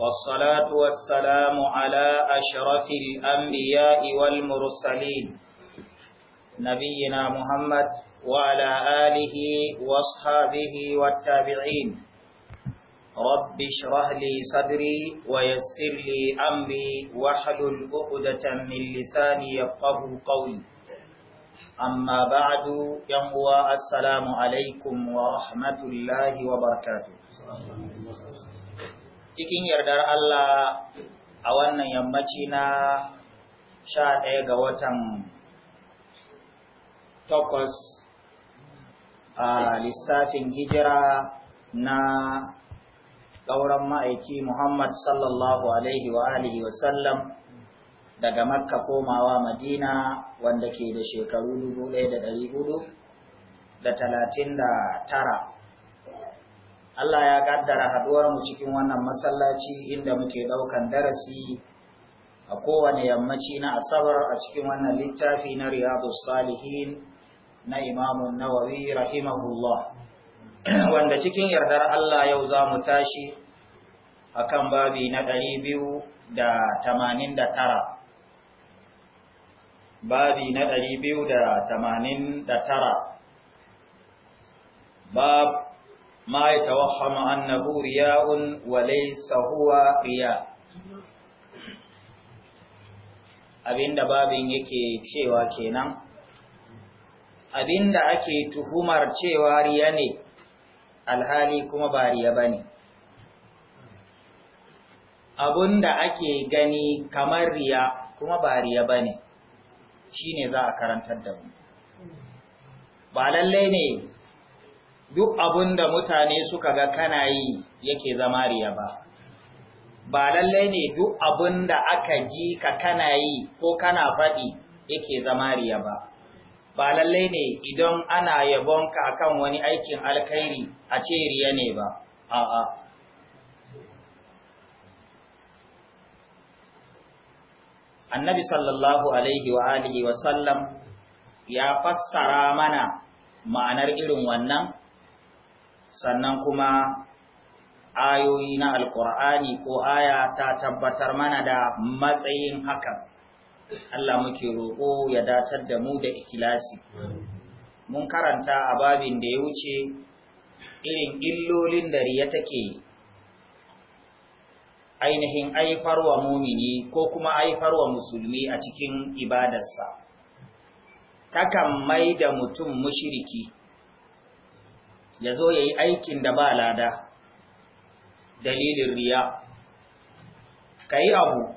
والصلاة والسلام على أشرف الأنبياء والمرسلين نبينا محمد وعلى آله واصحابه والتابعين رب اشرح لي صدري ويسر لي أمري واحلل عقدة من لساني يفقه قولي أما بعد ينبوى السلام عليكم ورحمة الله وبركاته cikin yardar Allah a wannan yammaci na sha ɗaya ga watan takwas a lissafin hijira na ɗauran ma'aiki Muhammad sallallahu Alaihi wa alihi wasallam daga makka komawa madina wanda ke da shekaru da tara. Allah ya kaddara haduwar mu cikin wannan masallaci inda muke daukan darasi a kowane yammaci na asabar a cikin wannan littafi na riyadus salihin na imamun nawawi rahimahullah wanda cikin yardar Allah yau za mu tashi akan babi na ɗari babi na ɗari biyu ما يتوهم أنه رياء وليس هو رياء abinda babin yake cewa kenan abinda ake tuhumar cewa riya ne alhali kuma ba riya bane abinda ake gani kamar riya kuma ba riya bane shine za a karantar da mu ba lallai ne duk abin da mutane suka ga kana yi yake zama riya ba ba lallai ne duk abin da aka ji ka kana yi ko kana faɗi yake zama riya ba ba lallai ne idan ana yabonka akan wani aikin alkhairi a ce riya ne ba a'a annabi sallallahu alaihi wa alihi wa sallam ya fassara mana ma'anar irin wannan sannan kuma ayoyi na alkur'ani ko aya ta tabbatar mana da matsayin hakan Allah muke roƙo ya datar da mu da ikilasi mun karanta a babin da ya wuce irin illolin da riya take ainihin aifarwa mumini ko kuma aifarwa musulmi a cikin ibadarsa takan mai da mutum mushiriki ya zo ya yi aikin da ba lada dalilin riya ka yi abu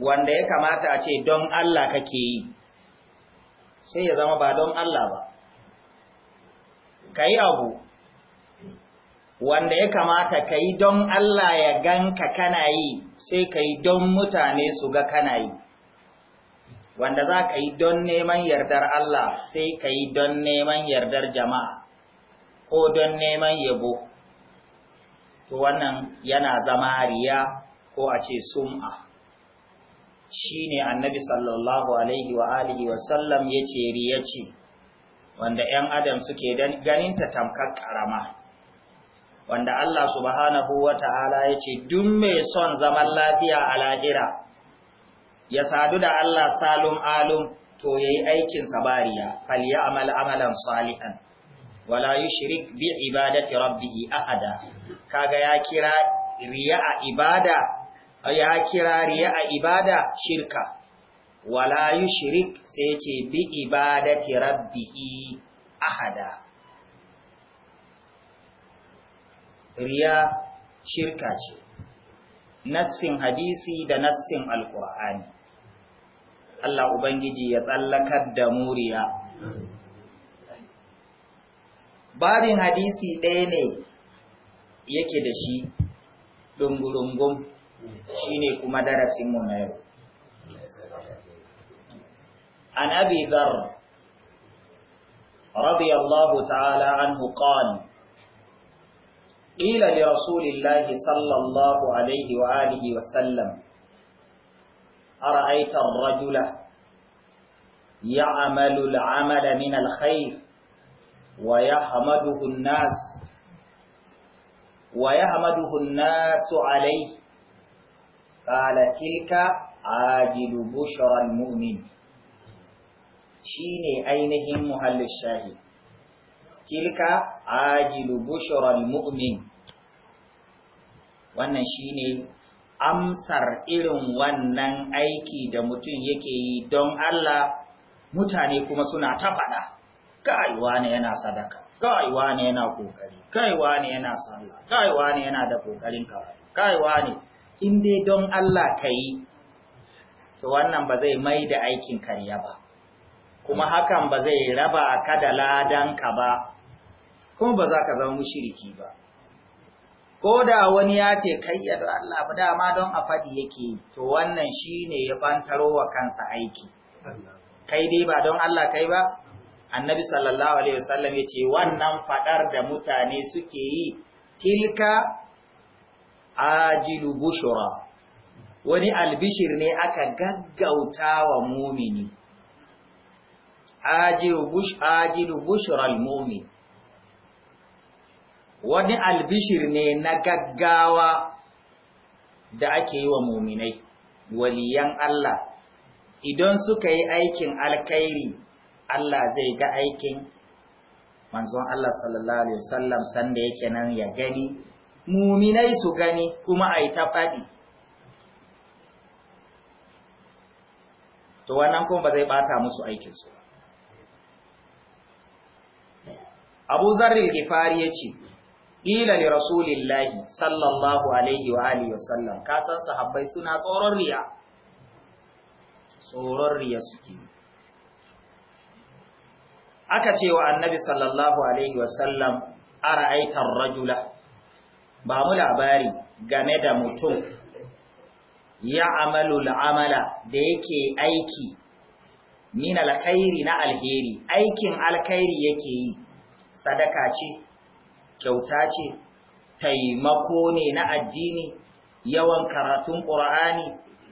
wanda ya kamata a ce don Allah kake yi sai ya zama ba don Allah ba ka yi abu wanda ya kamata ka yi don Allah ya ganka kana yi sai ka yi don mutane su ga kana yi wanda za ka yi don neman yardar Allah sai ka yi don neman yardar jama'a ko don neman yabo to wannan yana zama riya ko a ce sum'a shine annabi sallallahu alaihi wa alihi wa sallam yace riya ce wanda 'yan adam suke ganin ta tamkar karama wanda Allah subhanahu wa ta'ala yace duk mai son zaman lafiya a lahira ya sadu da Allah salum alum to yayi aikin sabariya fal ya'mal amalan salihan wala yushrik bi ibadati rabbihi ahada kaga ya kira riya ibada ya kira riya ibada shirka wala yushrik sai ce bi ibadati rabbihi ahada riya shirka ce nassin hadisi da nassin alqur'ani Allah ubangiji ya tsallakar da muriya babin hadisi ɗaya ne yake da shi ɗungurungun shi ne kuma darasinmu na yau. An abi zar, radu Allah ta'ala an hukani, ƙila da Rasulullah sallallahu Alaihi wa Alihi wasallam, a ra'aitar rajula, ya amalu la'amala min alkhair wa yahmaduhu an-nas wa tilka ajilu bushral mu'min shine ainihin muhallin shahi tilka ajilu bushral mu'min wannan shine amsar irin wannan aiki da mutum yake yi don Allah mutane kuma suna ta faɗa kai wane yana sadaka kai wane yana kokari kai wane yana sallah kai wane yana da kokarin karatu kai wane in dai don Allah kai to wannan ba zai mai da aikin karya ba kuma hakan ba zai raba ka da ladan ka ba kuma ba za ka zama mushiriki ba ko da wani ya ce ya da Allah ba dama don a faɗi yake to wannan shine ya bantaro kansa aiki kai dai ba don Allah kai ba annabi sallallahu alaihi wasallam ya ce wannan fadar da mutane suke yi tilka ajilu bushura wani albishir ne aka gaggauta wa mumini ajilu bush ajilu bushura almumin wani albishir ne na gaggawa da ake yi wa muminai waliyan Allah idan suka yi aikin alkhairi Allah zai ga aikin manzon Allah sallallahu alaihi wasallam sanda yake nan ya gani muminai su gani kuma a yi ta faɗi to wannan kuma ba zai ɓata musu aikinsu ba abu zarri gifari ya ce ƙila li rasulillahi sallallahu alaihi wa alihi wasallam kasan sahabbai suna tsoron riya tsoron riya suke aka ce wa annabi sallallahu alaihi wasallam ara aitar rajula ba mu labari game da mutum ya amalu la'amala da yake aiki min alkhairi na alheri aikin alkhairi yake yi sadaka ce kyauta ce taimako ne na addini yawan karatun ƙur'ani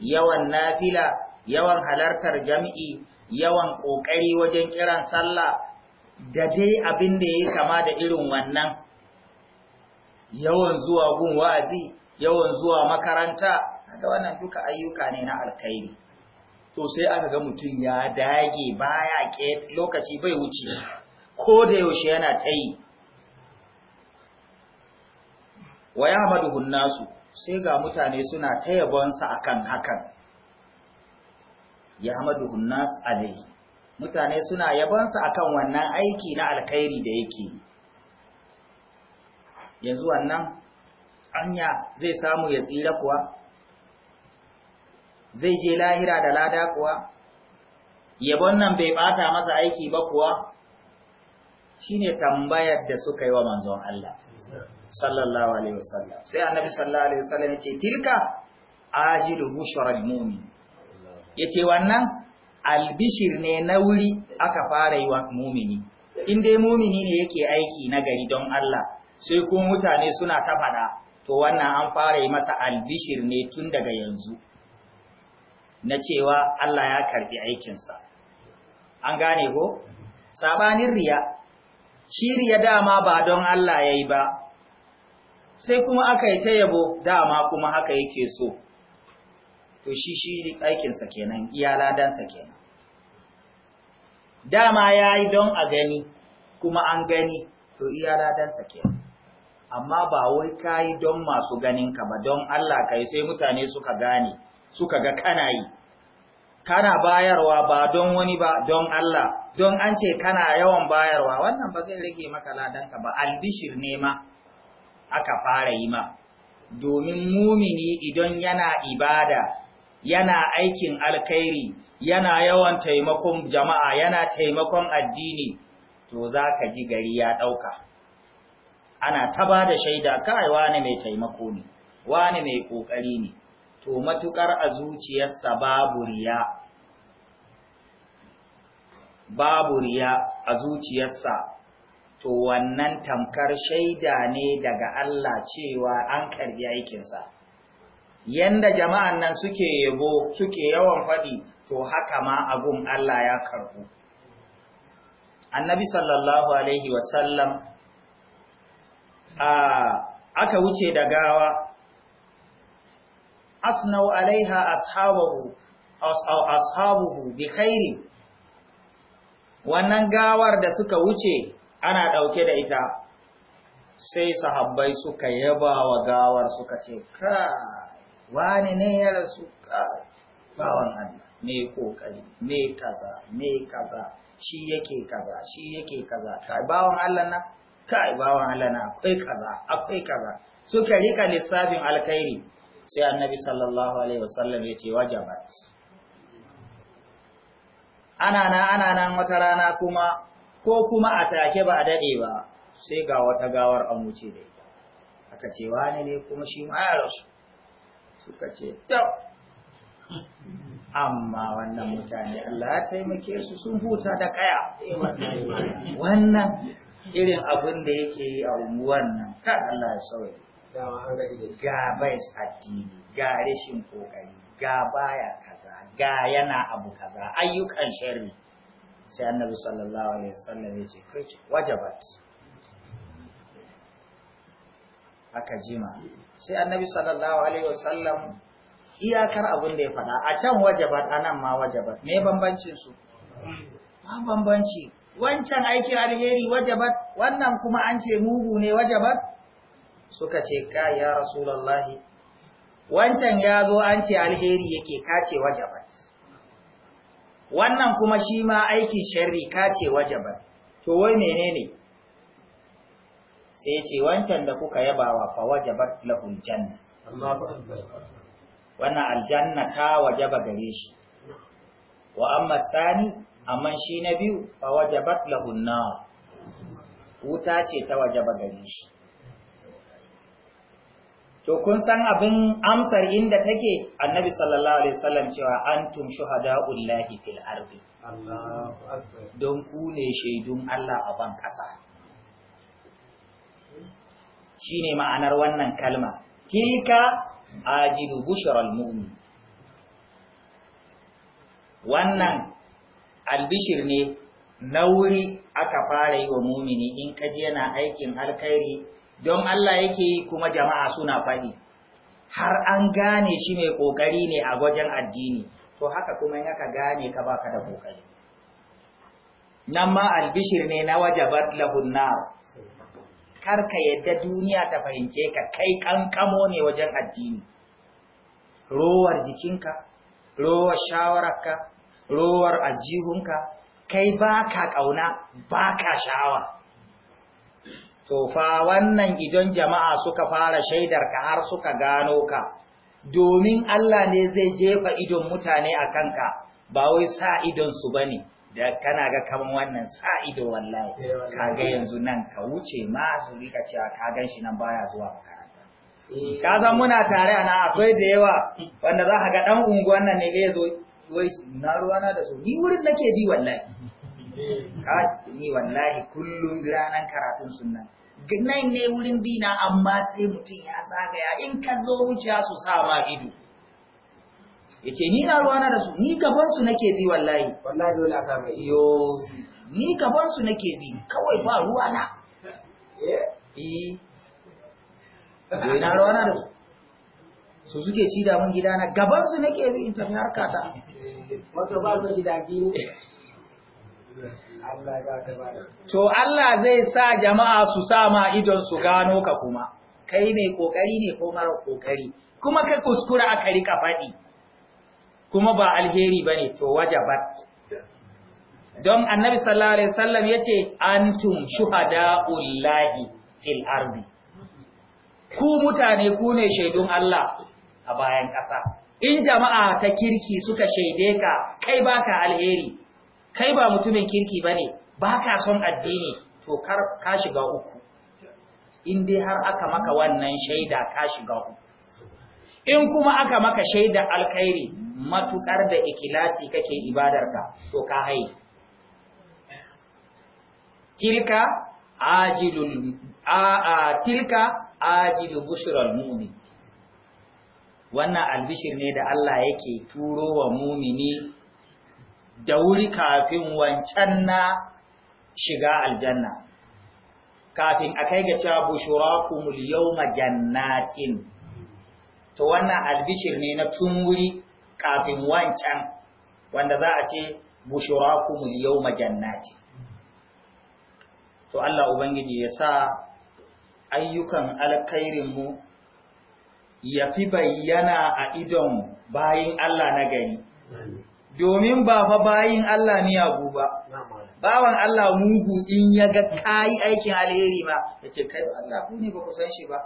yawan nafila yawan halartar jami'i yawan ƙoƙari wajen kiran sallah da dai abin da ya kama da irin wannan yawan zuwa gun wa'azi yawan zuwa makaranta ga wannan duka ayyuka ne na alkhairi to sai aka ga mutum ya dage baya ke lokaci bai wuce ko da yaushe yana ta yi wa ya hunnasu, sai ga mutane suna ta yabonsa akan hakan ya hamadu nas alaihi mutane suna yabansa akan wannan aiki na alkhairi da yake yanzu wannan anya zai samu ya tsira kuwa zai je lahira da lada kuwa yabon nan bai bata masa aiki ba kuwa shine tambayar da suka yi wa manzon Allah sallallahu alaihi wasallam sai annabi sallallahu alaihi wasallam ya ce tilka ajilu bushral mu'min Ya ce wannan albishir ne na wuri aka fara yi wa mumini in dai mumini ne yake aiki na gari don Allah sai kuma mutane suna ta fada to wannan an fara yi masa albishir ne tun daga yanzu na cewa Allah ya karbi aikinsa an gane ko sabanin riya shi riya dama ba don Allah yayi ba sai kuma aka yi ta yabo dama kuma haka yake so to shi shi aikinsa kenan iya kenan dama ya yi don a gani kuma an gani to iya kenan amma ba wai ka yi don masu ganinka ba don Allah ka yi sai mutane suka gane suka ga kana yi kana bayarwa ba don wani ba don Allah don an ce kana yawan bayarwa wannan ba zai rage maka ladanka ba albishir ne ma aka fara yi ma domin mumini idan yana ibada yana aikin alkhairi yana yawan taimakon jama'a yana taimakon addini to za ka ji gari ya ɗauka ana ta ba da shaida kai wani mai taimako ne wani mai ƙoƙari ne to matuƙar a zuciyarsa babu riya babu riya a zuciyarsa to wannan tamkar shaida ne daga Allah cewa an karbi aikinsa yanda jama'an nan suke yabo suke yawan faɗi to haka ma abun Allah ya karbu annabi sallallahu alaihi wasallam aka wuce da gawa asnau alaiha ashabuhu bi khairi wannan gawar da suka wuce ana ɗauke da ita sai sahabbai suka yaba wa gawar suka ce ka wani ne ya rasu bawan Allah Me kokari me kaza me kaza shi yake kaza shi yake kaza kai bawan Allah na kai bawan Allah na akwai kaza akwai kaza suka rika lissafin alkhairi sai annabi sallallahu alaihi wasallam ya ce wajabat ana na ana nan wata rana kuma ko kuma a take ba a dade ba sai ga wata gawar an wuce da ita aka ce wani ne kuma shi ma ya rasu suka ce dau amma wannan mutane Allah ya taimake su sun huta da kaya eh, wannan irin abin da yake yi a unguwan nan kan Allah ya sauya ga bai addini ga rashin kokari ga baya kaza ga yana abu kaza ayyukan sharri sai annabi sallallahu alaihi wasallam ya ce kai wajabat aka jima sai annabi sallallahu alaihi wasallam iyakar abin da ya faɗa a can wajabat anan ma wajabat me bambancin su ba bambanci wancan aikin alheri wajabat wannan kuma an ce mugu ne wajabat suka ce ka ya rasulullahi wancan ya zo an ce alheri yake kace wajabat wannan kuma shi ma aikin sharri kace wajabat to wai menene sai ce wancan da kuka yabawa fa wajabat lahul janna wannan aljanna ta wajaba gare shi wa amma tsani amma shi na biyu fa wajabat lahul nar wuta ce ta wajaba gare shi to kun san abin amsar inda take annabi sallallahu alaihi wasallam cewa antum shuhada'ullahi fil ardi Allahu akbar don ku ne shaidun Allah a ban kasa shine ma'anar wannan kalma tilka ajilu bushiral mu'min wannan albishir ne na wuri aka fara yi wa mumini in kaji yana aikin alkhairi don Allah yake yi kuma jama'a suna faɗi har an gane shi mai ƙoƙari ne a wajen addini to haka kuma in aka gane ka baka da ƙoƙari nan ma albishir ne na wajabat lahun nar kar ka yadda duniya ta fahimce ka kai kankamo ne wajen addini rowar jikinka rowar shawararka rowar aljihunka kai ba ka ƙauna ba ka sha'awa to fa wannan idan jama'a suka fara shaidar ka har suka gano ka domin Allah ne zai jefa idon mutane a kanka ba wai sa idon su bane da kana ga kaman wannan sa'ido wallahi eh, kaga yanzu nan ka wuce ma su rika cewa ka gan shi nan baya zuwa makaranta eh. ka san muna tare ana akwai da yawa wanda za ka ga dan unguwan nan ne zai zo wai na ruwana da su ni wurin nake bi wallahi ka ni wallahi kullum ranan karatun sunna nan ne wurin bi na amma sai mutum ya zagaya in ka zo wuce su sa ma ido yace ni na ruwana da su ni gaban su nake bi wallahi wallahi dole a samu yo ni gaban su nake bi kawai ba ruwana eh eh na ruwana da su su suke ci da mun gidana gaban su nake bi in tafi harka ta eh, wato ba su ci da gini To Allah zai sa jama'a su sama idon su gano ka kuma, kai mai ƙoƙari ne ko mara ƙoƙari, kuma ka kuskura aka rika faɗi. kuma ba alheri ba ne to wajabat don annabi sallallahu alaihi wasallam yace antum shuhada'ullahi fil ardi ku mutane ku ne shaidun Allah a bayan ƙasa in jama'a ta kirki suka shaide ka kai baka alheri kai ba mutumin kirki bane baka son addini to kar ka shiga uku in dai har aka maka wannan shaida ka shiga uku in kuma aka maka shaida alkhairi matukar da ikilasi kake ibadarka to ka haye tilka ajilul a tilka ajilu bushral mu'min wannan albishir ne da Allah yake turo wa mumini da wuri kafin wancan na shiga aljanna kafin a kai ga cewa bushurakumul yawma jannatin to wannan albishir ne na tun wuri kafin wancan wanda za a ce bushurakumul yawma jannati to Allah ubangiji ya sa ayyukan alkhairin mu ya fi bayyana a idon bayin Allah na gani. domin ba fa bayin Allah miyagu ba bawan Allah mugu in ya ga kai aikin alheri ma yace kai Allah ku ne ba ku san shi ba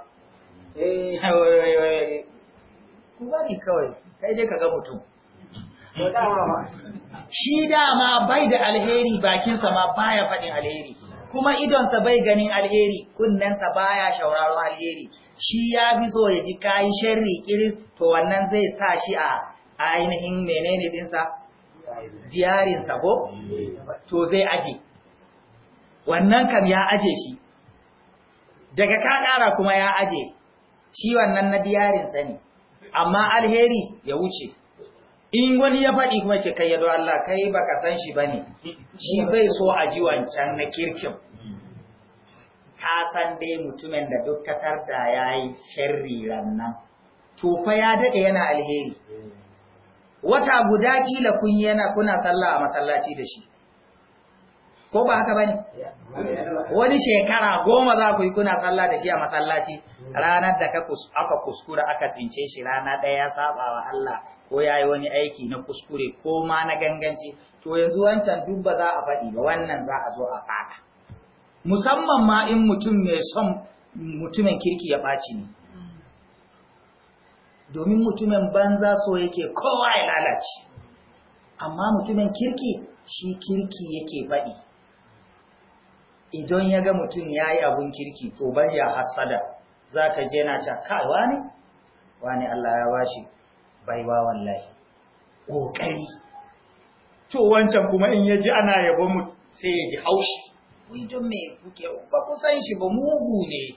eh ku bari kawai sai dai ka ga mutum shi dama bai da alheri bakinsa ma baya faɗin alheri kuma idonsa bai ganin alheri kunnensa baya shauraron alheri shi ya fi so ya ji kayi sharri iri to wannan zai sa shi a ainihin menene dinsa diyarinsa ko to zai aje wannan kam ya aje shi daga ka ƙara kuma ya aje shi wannan na diyarinsa ne amma alheri ya wuce in wani ya faɗi kuma ke kai yado Allah kai ba ka san shi ba ne. shi bai so a ji wancan na kirkin ka san dai mutumin da duk katar da yayi sharri rannan tufa Tufa ya daɗe yana alheri wata guda ƙila kun yana kuna sallah a masallaci da shi ko ba haka ba ne? wani shekara goma za ku yi kuna sallah da shi a masallaci ranar da aka kuskura aka tsince shi rana ɗaya ya saba wa Allah ko ya yi wani aiki na kuskure ko ma na ganganci to yanzu wancan duk ba za a faɗi ba wannan za a zo a faɗa musamman ma in mutum mai son mutumin kirki ya ɓaci ne domin mutumin banza so yake kowa ya lalace amma mutumin kirki shi kirki yake faɗi idan ya ga mutum ya yi abun kirki to bari ya hassada za ka je na ta ne? wani wani Allah ya bashi baiwa wallahi ƙoƙari to wancan kuma in yaji ana yabo mu sai ya ji haushi wai don me kuke ba ku san shi ba mugu ne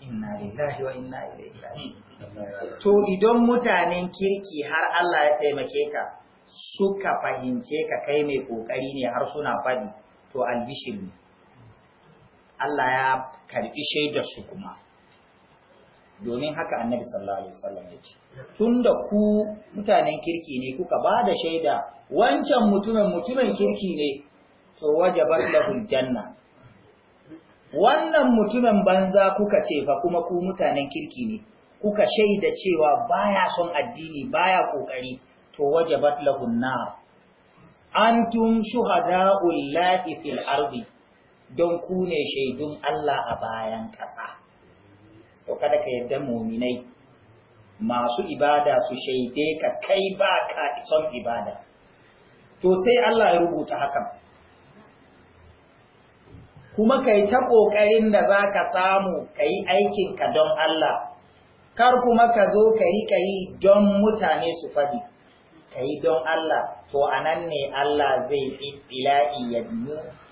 inna lillahi wa inna ilaihi raji'un to idan mutanen kirki har Allah ya taimake ka suka fahimce ka kai mai kokari ne har suna faɗi to albishin Allah ya karɓi shaidar su kuma domin haka annabi sallallahu alaihi wasallam ya ce tunda ku mutanen kirki ne kuka ba da shaida wancan mutumin mutumin kirki ne to wajabat lahul janna wannan mutumin banza kuka ce fa kuma ku mutanen kirki ne kuka shaida cewa baya son addini baya kokari to wajabat lahun nar antum shuhada'ul lahi fil ardi don ku ne shaidun Allah a bayan ƙasa. To kada ka yarda muminai masu ibada su shaide ka kai ba ka son ibada. To sai Allah ya rubuta hakan. Kuma ka yi ta ƙoƙarin da za ka samu ka yi aikinka don Allah, kar kuma ka zo ka yi ka yi don mutane su faɗi. ka yi don Allah to a nan ne Allah zai ila'i ya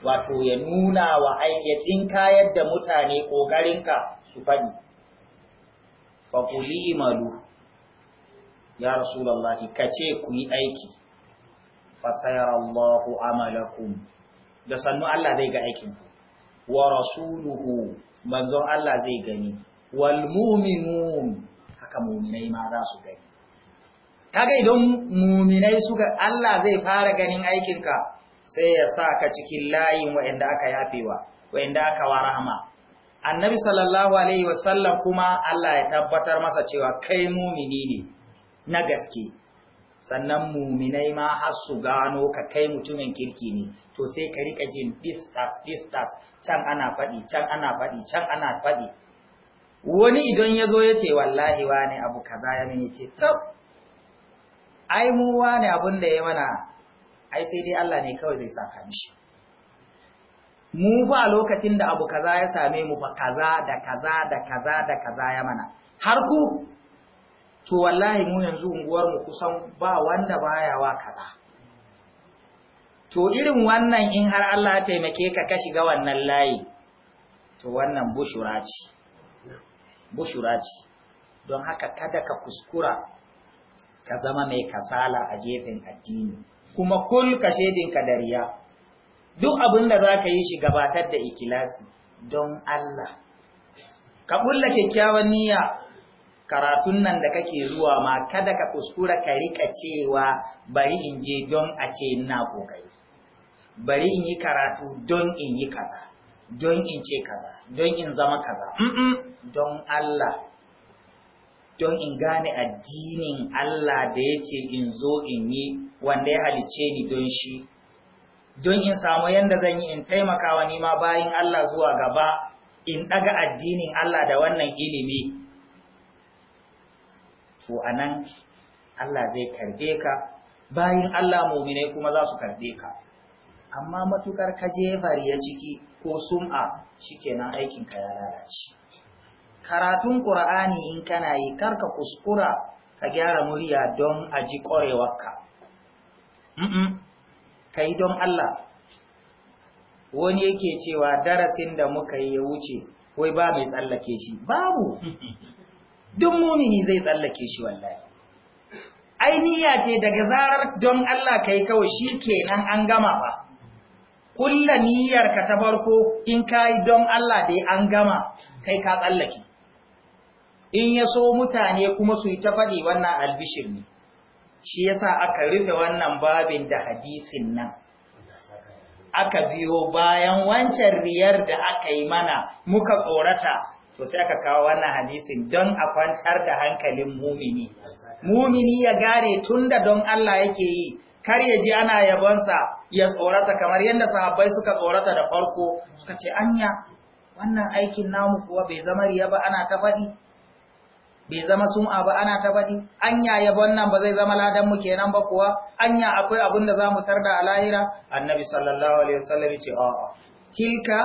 wato ya nuna wa ayyadin kayar da mutane ƙoƙarinka su faɗi faƙuli imalu ya rasulallahi ka ce ku yi aiki fasayarallahu amalakum da sannu Allah zai ga aikin ku. wa rasuluhu manzon Allah zai gani wal mu'minun haka mu'minai ma za su gani kaga idan muminai suka Allah zai fara ganin aikinka sai ya sa ka cikin layin wa'anda aka yafewa wa'anda aka wa rahama annabi sallallahu alaihi wasallam kuma Allah ya tabbatar masa cewa kai mumini ne na gaske sannan muminai ma har su gano ka kai mutumin kirki ne to sai ka rika jin distas distas can ana faɗi can ana faɗi can ana faɗi wani idan ya zo ya ce wallahi wani abu kaza ya mini ce tab ai mu wane abin da ya mana ai sai dai Allah ne kawai zai saka mishi mu ba lokacin da abu kaza ya same mu ba kaza da kaza da kaza da kaza ya mana har ku to wallahi mu yanzu unguwar mu kusan ba wanda baya wa kaza to irin wannan in har Allah ya taimake ka ka shiga wannan layi to wannan bushura ce bushura ce don haka kada ka kuskura ka zama mai kasala a gefen addini kuma kul ka shedinka da riya duk abin da za ka yi shi gabatar da ikilasi don Allah ka kulla kyakkyawan niyya karatun nan da kake zuwa ma kada ka kuskura ka rika cewa bari in je don a ce ina kokari bari in yi karatu don in yi kaza don in ce kaza don in zama kaza don Allah don in gane addinin Allah da ya ce in zo in yi wanda ya halice ni don shi don in samu yadda zan yi in taimaka wa nima bayan Allah zuwa gaba in ɗaga addinin Allah da wannan ilimi to a nan Allah zai karbe ka bayan Allah muminai kuma za su karbe ka amma matukar ka jefari ciki ko sum'a shikenan aikinka ya lalace karatun ƙura'ani in kana yi karka kuskura ka gyara murya don a ji ƙwarewarka ka yi don Allah wani yake cewa darasin da muka yi ya wuce wai ba mai tsallake shi babu duk mumini zai tsallake shi wallahi ainiya ce daga zarar don Allah ka yi kawai shi kenan an gama ba kulla niyyarka ta farko in ka yi don Allah dai an gama kai ka tsallake in ya so mutane kuma su yi ta faɗi wannan albishir ne shi yasa aka rufe wannan babin da hadisin nan aka biyo bayan wancan riyar da aka yi mana muka tsorata to sai aka kawo wannan hadisin don a kwantar da hankalin mumini mumini ya gare tunda don Allah yake yi kar ya ji ana yabonsa ya tsorata kamar yadda sahabbai suka tsorata da farko suka ce anya wannan aikin namu kuwa bai zama riya ba ana ta faɗi bai zama sun abu ana ta bani? anya yabon nan ba zai zama ladan mu kenan ba kuwa anya akwai abin da zamu tarda a lahira annabi sallallahu alaihi wasallam yace a'a tilka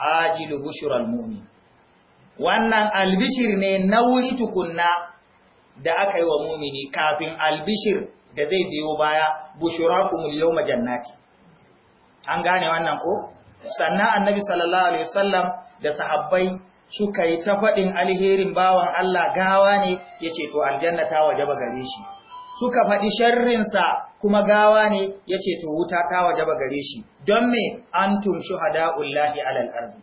ajilu bushral mu'min wannan albishir ne nauri tukunna da aka yi wa mumini kafin albishir da zai biyo baya bushurakum alyawma jannati an gane wannan ko sannan annabi sallallahu alaihi wasallam da sahabbai suka yi ta faɗin alherin bawan Allah gawa ne ya ce to aljanna ta wajaba gare shi suka faɗi sharrinsa kuma gawa ne ya ce to wuta ta wajaba gare shi don me an antum shuhada'ullahi alal ardi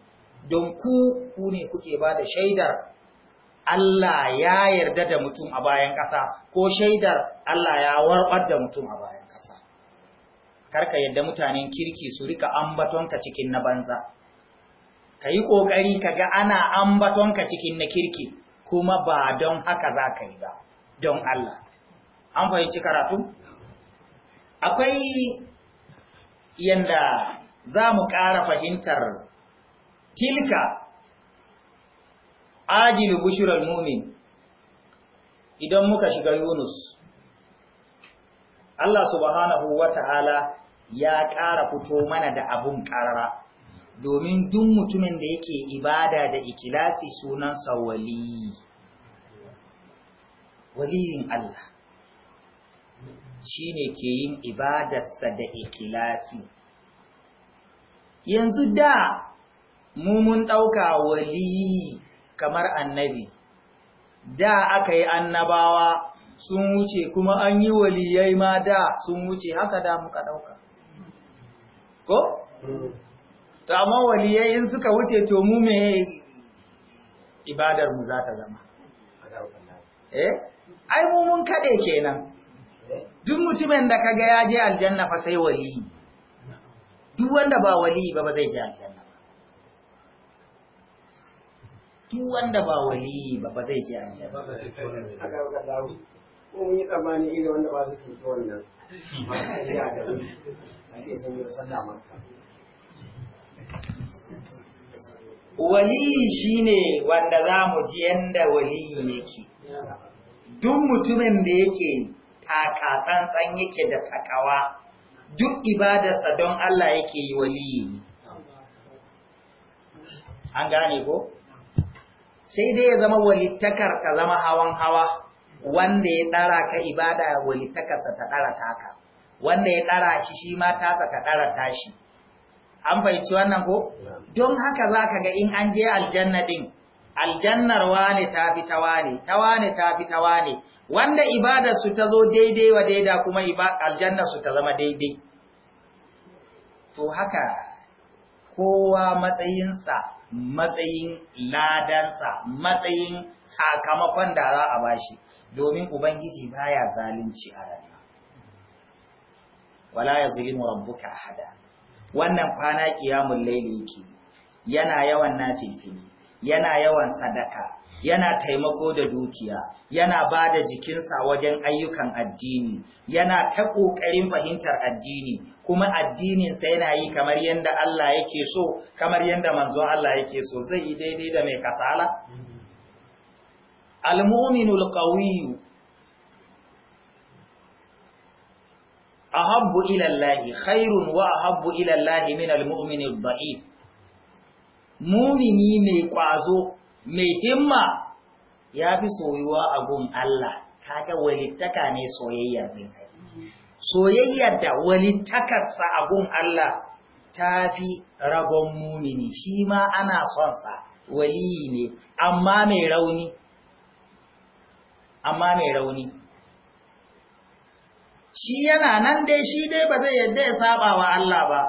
don ku ku ne kuke ba da shaidar Allah ya yarda da mutum a bayan ƙasa ko shaidar Allah ya warbar da mutum a bayan ƙasa. Karka yadda mutanen kirki su rika ambatonka cikin na banza. ka yi ƙoƙari ka ga ana ambatonka cikin na kirki kuma ba don haka za ka yi ba don Allah an fahimci karatu akwai yadda za mu ƙara fahimtar tilka ajilu bushirar nuni idan muka shiga yunus Allah subhanahu wa ta'ala ya ƙara fito mana da abun ƙarara domin duk mutumin da yake ibada da ikilasi sunansa wali waliyin Allah shine ke yin ibadarsa da ikilasi yanzu da mu mun ɗauka waliyi kamar annabi da aka yi annabawa sun wuce kuma an yi waliyai ma da sun wuce haka da muka ɗauka ko? to amma waliyai in suka wuce to mu me ibadar mu za ta zama eh ai mu mun kade kenan duk mutumin da kaga ya je aljanna fa sai wali duk wanda ba wali ba ba zai je aljanna ba duk wanda ba wali ba ba zai je aljanna ba mun yi tsammani wanda ba su ke wannan ba ya wani ake sallah shi ne wanda za mu ji yadda waliyi yake duk mutumin da yake takatsantsan yake da takawa duk ibadarsa don Allah yake yi wali ne an gane ko sai dai ya zama walittakar ka zama hawan hawa wanda ya tsara ka ibada walittakarsa ta tsara taka wanda ya tsara shi shi ma tasa ta tsara tashi an fahimci wannan ko don haka za ka ga in an je aljanna din aljannar wane ta fi ta wane ta wane ta fi ta wane wanda ibada su ta zo daidai wa daida kuma aljannar su ta zama daidai to haka kowa matsayinsa matsayin ladansa matsayin sakamakon da za a bashi domin ubangiji baya zalunci a rana wala yazlimu rabbuka ahada wannan kwana ƙiyamun laili yake yana yawan nafifini yana yawan sadaka yana taimako da dukiya yana ba da jikinsa wajen ayyukan addini yana ta ƙoƙarin fahimtar addini kuma addininsa yana yi kamar yadda Allah yake so kamar yadda manzon Allah yake so zai yi daidai da mai kasala mm-hmm. al-mu'minul qawiyyu ahabbu ilallahi khairun wa ahabbu ila Allah min al-mu'min al mumini mai kwazo mai himma yafi soyuwa a gun Allah kaga walittaka ne soyayyar kai? soyayyar da walitakarsa a gun Allah tafi ragon mumini shi ma ana son sa waliyi ne amma mai rauni amma mai rauni shi yana nan dai shi dai ba zai yadda ya saba wa Allah ba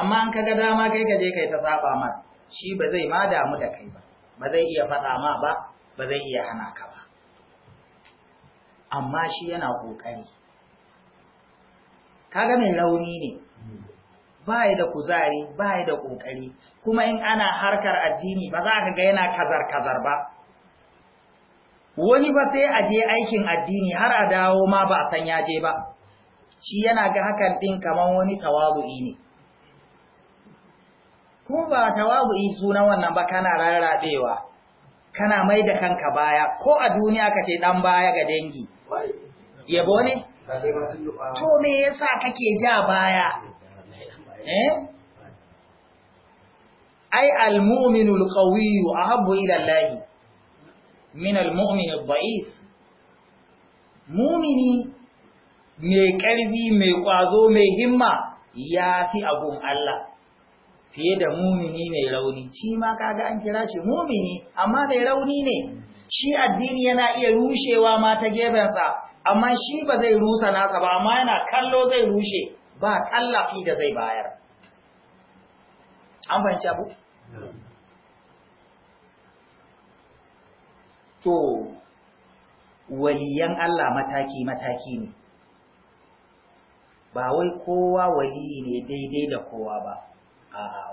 amma an kaga dama kai ka je kai ta saba ma shi ba zai ma damu da kai ba ba zai iya faɗa ma ba ba zai iya hana ka ba amma shi yana ƙoƙari kaga mai launi ne ba yi da kuzari ba yi da ƙoƙari kuma in ana harkar addini ba za ka ga yana kazar-kazar ba wani ba sai a je aikin addini har a dawo ma ba a san ya je ba shi yana ga hakan ɗin kamar wani tawazu'i ne ko ba tawazu'i suna wannan ba kana rarrabewa kana mai da kanka baya ko a duniya ka ce ɗan baya ga dangi yabo ne to me yasa kake ja baya eh ai almu'minul qawiyyu ahabbu ila Allah min almu'min ad-da'if mu'mini mai ƙarfi mai ƙwazo mai himma ya fi abun Allah fiye da mumini mai rauni shi ma kaga an kira shi mumini amma mai rauni ne shi addini yana iya rushewa ma ta gefensa amma shi ba zai rusa nasa ba amma yana kallo zai rushe ba tallafi da zai bayar an fahimci abu? to waliyan Allah mataki-mataki ne ba wai kowa wali ne daidai da kowa ba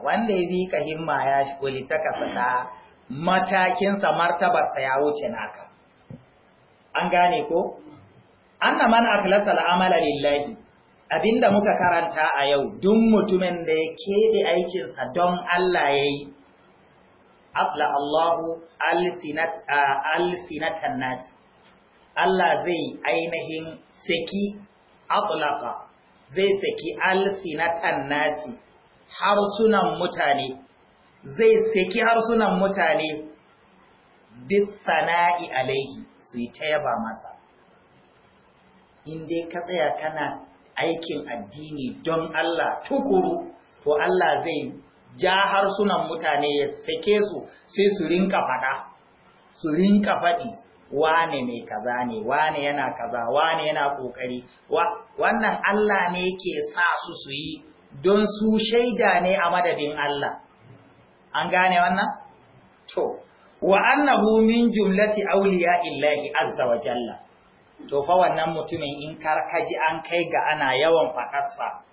wanda ya bi ka himma ya wali ta matakinsa martabarsa ya wuce naka an gane ko anna man akhlasa al'amala lillahi abinda muka karanta a yau duk mutumin da ya keɓe aikinsa don Allah yayi abla Allahu alsinat alsinatan Allah zai ainihin saki aqlaqa zai saki alsinatan nasi harsunan mutane zai saki harsunan mutane bisana'i alaihi su yi ta masa in dai ka tsaya kana aikin addini don Allah tukuru to Allah zai ja harsunan mutane ya sake su sai su rinka fada su rinka faɗi wane mai kaza ne wane yana kaza wane yana ƙoƙari wa wannan Allah ne ke sa su su yi don su shaida ne a madadin Allah an gane wannan to wa annahu min jumlati awliya illahi azza wa jalla to fa wannan mutumin in karkaji an kai ga ana yawan fadarsa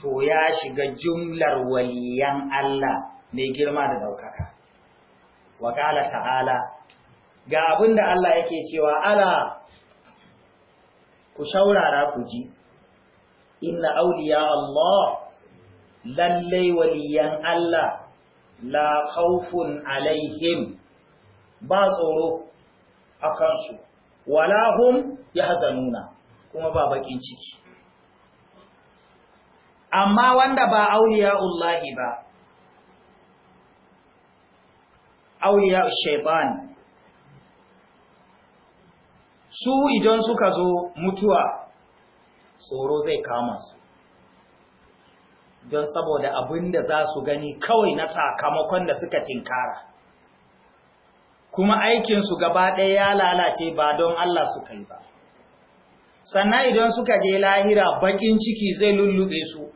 to ya shiga jumlar waliyan Allah ne girma da daukaka wa qala ta'ala ga abinda Allah yake cewa ala ku shaurara ku ji inna auliya Allah lallai waliyan Allah la khawfun alaihim ba tsoro a kansu ya hum yahzanuna kuma ba bakin ciki amma wanda ba auliya Allah ba auliya shaitan su idan suka zo mutuwa tsoro zai kama su don saboda abin da za su gani kawai na sakamakon da suka tinkara kuma aikinsu gaba ɗaya ya lalace ba don Allah su kai ba sannan idan suka je lahira bakin ciki zai lullube su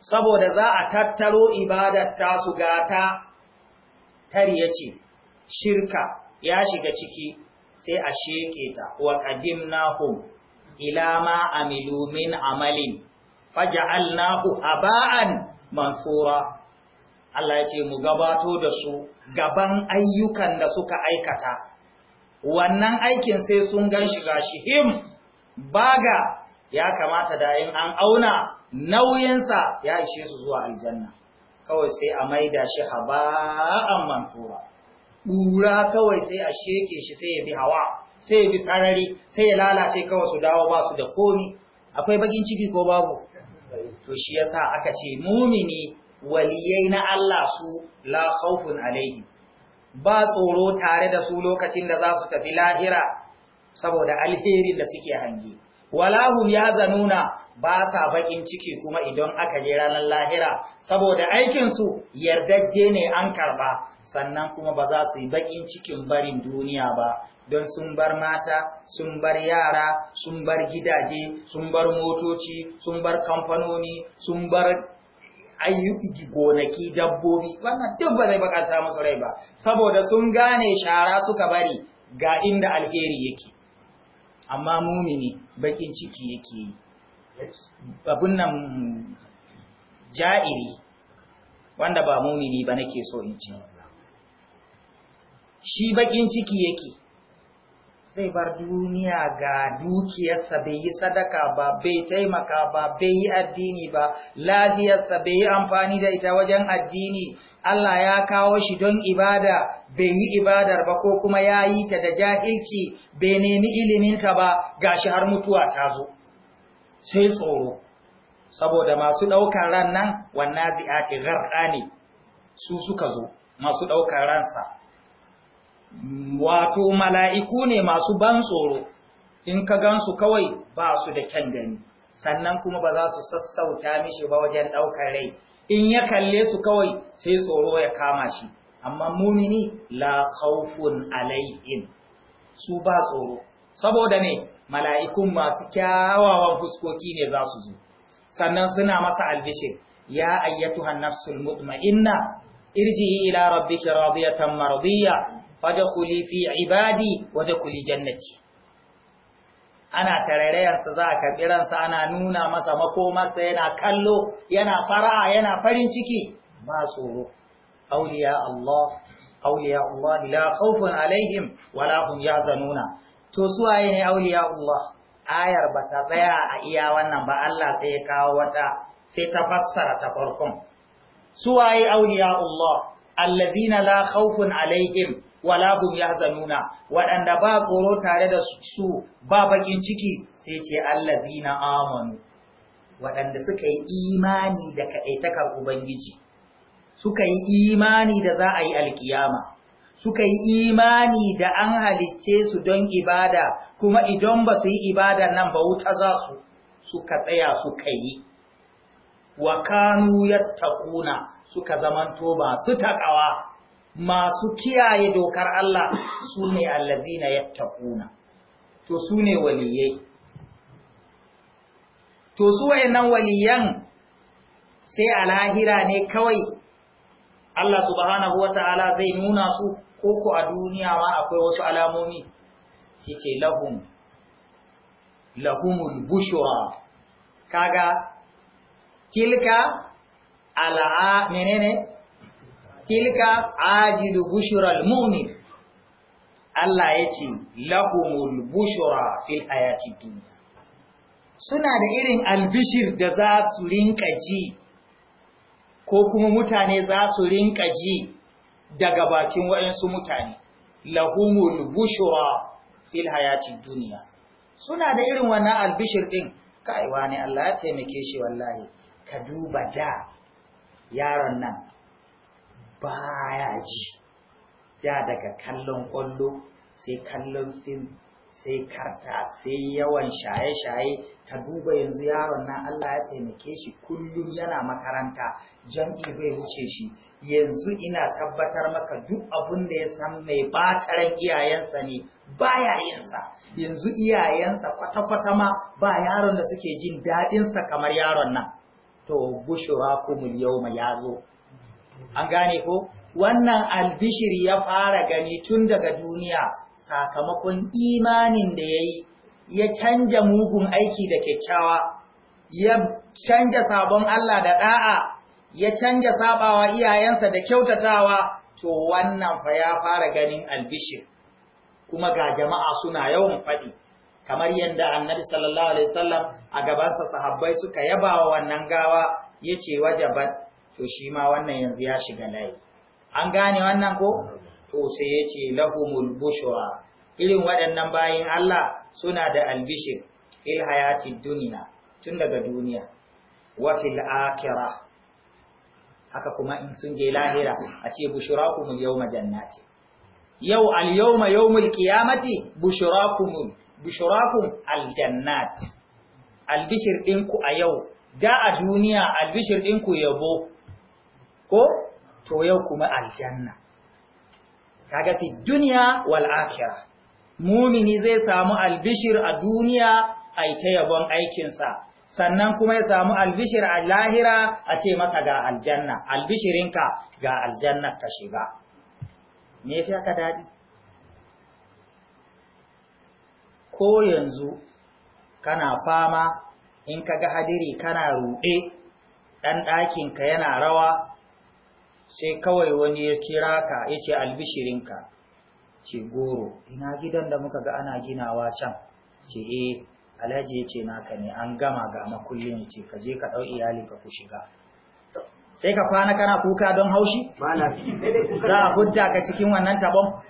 saboda za a tattaro ibadar tasu gata tariya ce shirka ya shiga ciki sai a sheke ta wa home. ila ma amilu min amalin faja'alnahu aba'an mansura Allah ya mu gabato da su gaban ayyukan da suka aikata wannan aikin sai sun gan shiga shi him baga ya kamata da in an auna nauyinsa ya ishe su zuwa aljanna kawai sai a maida shi haba'an mansura bura kawai sai a sheke shi sai ya bi hawa sai bi sarari sai ya lalace kawai su dawo ba su da komi akwai bakin ciki ko babu to shi yasa aka ce mumini waliyai na Allah su la khawfun alaihi ba tsoro tare da su lokacin da za su tafi lahira saboda alherin da suke hangi walahum hum yazanuna ba sa bakin ciki kuma idan aka je ranar lahira saboda aikin su yardajje ne an karba sannan kuma ba za su yi bakin cikin barin duniya ba don sun bar mata sun bar yara sun bar gidaje sun bar motoci sun bar kamfanoni sun bar ayyuki gonaki dabbobi wannan duk ba zai bakanta musu rai ba saboda sun gane shara suka bari ga inda alheri yake amma mumini bakin ciki yake yi Babun nan ja'iri wanda ba mumini ba nake so in ce shi bakin ciki yake zai bar duniya ga dukiyarsa bai yi sadaka ba bai taimaka ba bai yi addini ba lafiyarsa bai yi amfani da ita wajen addini Allah ya kawo shi don ibada bai yi ibadar ba ko kuma ya yi ta da jahilci bai nemi iliminta ba Ga shi har mutuwa ta zo sai tsoro saboda masu ɗaukar ran nan wannan ake gharqa ne su suka zo masu ɗaukar ransa wato mala'iku ne masu ban tsoro in ka gansu kawai ba su da kyan gani sannan kuma ba za su sassauta mishi ba wajen ɗaukar rai in ya kalle su kawai sai tsoro ya kama shi amma mumini la khawfun alaihim su ba tsoro saboda ne mala'ikun masu kyawawan fuskoki ne za su zo sannan suna masa albishir ya ayyatu ayyatuhan nafsul mutma'inna Irji ila rabbiki radiyatan mardiyya fadakuli fi ibadi wadakuli jannati ana tararayarsa za a karɓi ransa ana nuna masa makomarsa yana kallo yana fara'a yana farin ciki ba tsoro auliya Allah auliya Allah la khawfun alaihim wala hum yahzanuna to su waye ne auliya Allah ayar ba ta tsaya a iya wannan ba Allah sai ya kawo wata sai ta fassara ta farkon Su suwaye auliya Allah allazina la khawfun alaihim wala hum yahzanuna waɗanda ba tsoro tare da su ba bakin ciki sai ce allazina amanu waɗanda suka yi imani da kaɗaitakar ubangiji suka yi imani da za a yi alkiyama suka yi imani da an halicce su don ibada kuma idan ba su yi ibada nan ba wuta za su suka tsaya suka yi wa kanu yattaquna suka zamanto ba masu takawa masu kiyaye dokar Allah su ne allazina yattaquna to su ne waliyai to su wayannan waliyan sai alahira ne kawai Allah subhanahu Ta'ala zai nuna su koko a duniya ma akwai wasu alamomi shi ce lahum lahumul bushra kaga tilka ala menene tilka ajidu bushural mu'min Allah ya ce lahumul bushura fil hayati dunya suna da irin albishir da za su rinka ji ko kuma mutane za su rinka ji daga bakin waɗansu mutane lahumul bushura fil hayati dunya suna da irin wannan albishir din kai wani Allah ya taimake shi wallahi ka duba da yaron nan baya ji ya daga kallon kwallo sai kallon fim sai karta sai yawan shaye-shaye ta duba yanzu yaron nan Allah ya taimake shi kullum yana makaranta jam'i bai wuce shi yanzu ina tabbatar maka duk abin da ya san mai bataren iyayensa ne ba yayinsa yanzu iyayensa kwata-kwata ma ba yaron da suke jin daɗinsa kamar yaron nan to bushewa kuma yau ya zo an gane ko wannan albishir ya fara gani tun daga duniya sakamakon imanin da ya yi ya canja mugun aiki da kyakkyawa ya canja sabon Allah da ɗa'a, ya canja sabawa iyayensa da kyautatawa to wannan fa ya fara ganin albishir kuma ga jama'a suna yawan faɗi kamar yadda annabi sallallahu alaihi wasallam a gabansa sahabbai suka yaba wannan gawa yace wajaban to shi ma wannan yanzu ya shiga layi an gane wannan ko to sai ya ce lahumul bushra irin waɗannan bayin Allah suna da albishir fil hayati dunya tun daga duniya wa fil akhirah haka kuma in sun je lahira a ce bushrakumul yawma jannati yau al yawma yawmul qiyamati bushrakumul bushrakum al jannat albishir ɗinku a yau da a duniya albishir ɗinku yabo ko to yau kuma aljanna kaga fi duniya wal akhirah mumini zai samu albishir a duniya ai ta yabon aikinsa sannan kuma ya samu albishir a lahira a ce maka ga aljanna albishirinka ga aljanna ka shiga me yafi aka dadi ko yanzu kana fama in kaga hadiri kana ruɗe ɗan ɗakinka yana rawa sai kawai wani ya kira ka ya ce albishirinka ce goro ina gidan da muka ga ana ginawa can ce e alhaji ya ce naka ne an gama ga makullin ce ka je ka ɗau ka ku shiga sai ka kwana kana kuka don haushi za a hudda ka cikin wannan tabon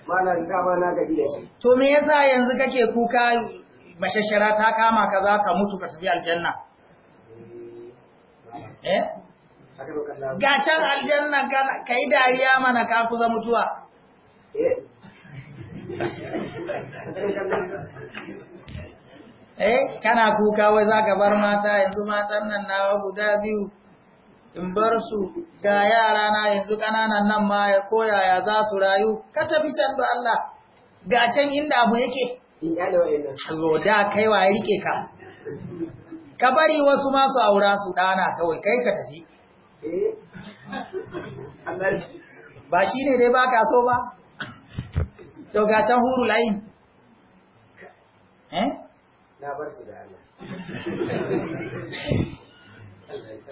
to me yasa yanzu kake kuka bashashara ta kama ka za ka mutu ka tafi aljanna eh, eh? ga can aljanna ka yi dariya mana ka kusa mutuwa eh kana kuka wai za ka bar mata yanzu matan nan nawa guda biyu in bar su ga yara na yanzu ƙananan nan ma ya koya ya za su rayu ka tafi can da Allah ga can inda abu yake da kai wa ya rike ka ka bari wasu masu aura su ɗana kawai kai ka tafi ba shi ne dai ba ka so ba to ga can huru layi. eh na bar su da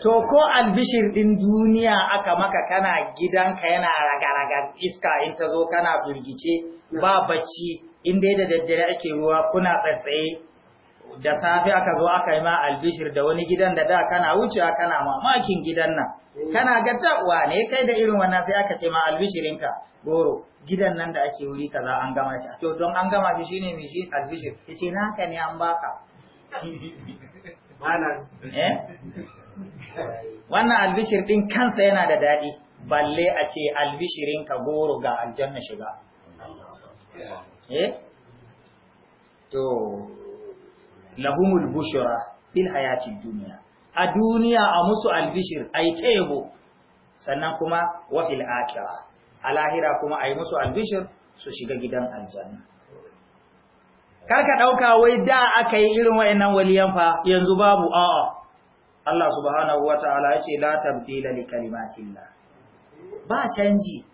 to ko albishir ɗin duniya aka maka kana gidan ka yana ragaraga iska in ta zo kana burgice ba bacci in dai da daddare ake ruwa kuna tsatsaye da safe aka zo aka yi ma albishir da wani gidan da da kana wucewa kana mamakin gidan nan eh. kana ga ta'uwa ne kai da irin wannan sai aka ce ma albishirinka goro gidan nan da ake wuri kaza an gama shi to don an gama shi shine mi shi albishir yace naka ne an baka eh wannan albishir din kansa yana da dadi balle a ce albishirinka goro ga aljanna shiga eh to lahumul bushra fil hayatid dunya a duniya a musu albishir ay tebo sannan kuma wa fil akhirah a lahira kuma ay musu albishir su shiga gidan aljanna karka dauka wai da aka yi irin wayannan waliyan fa yanzu babu a'a Allah subhanahu wa ta'ala ya ce, La tabdila li kalimatillah. Ba canji,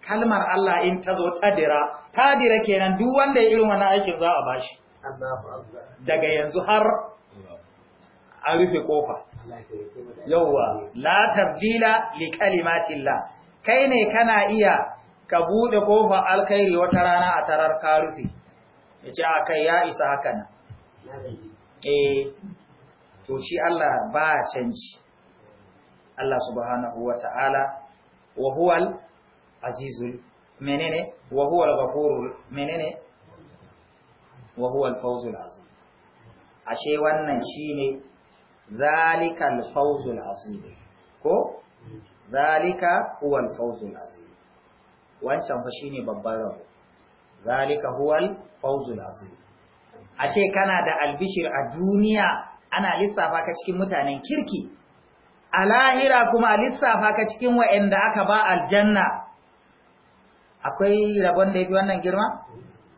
kalmar Allah in ta zo tadira, tadira kenan duk wanda ya irin wani aikin za a bashi. daga yanzu har a rufe kofa yauwa la tabdila li kalimatillah kai ne kana iya ka bude kofa alkhairi wata rana a tarar ka rufe yace akai ya isa haka eh to shi Allah ba canji Allah subhanahu wata'ala wa huwal azizul menene wa huwal ghafurul menene wa huwa al-fawzul azim ashe wannan shine zalika al-fawzul azim ko zalika huwa al-fawzul azim wancan fa shine babban rabo zalika huwa al-fawzul azim ashe kana da albishir a duniya ana lissafa ka cikin mutanen kirki a lahira kuma a lissafa ka cikin wa'anda aka ba aljanna akwai rabon da yafi wannan girma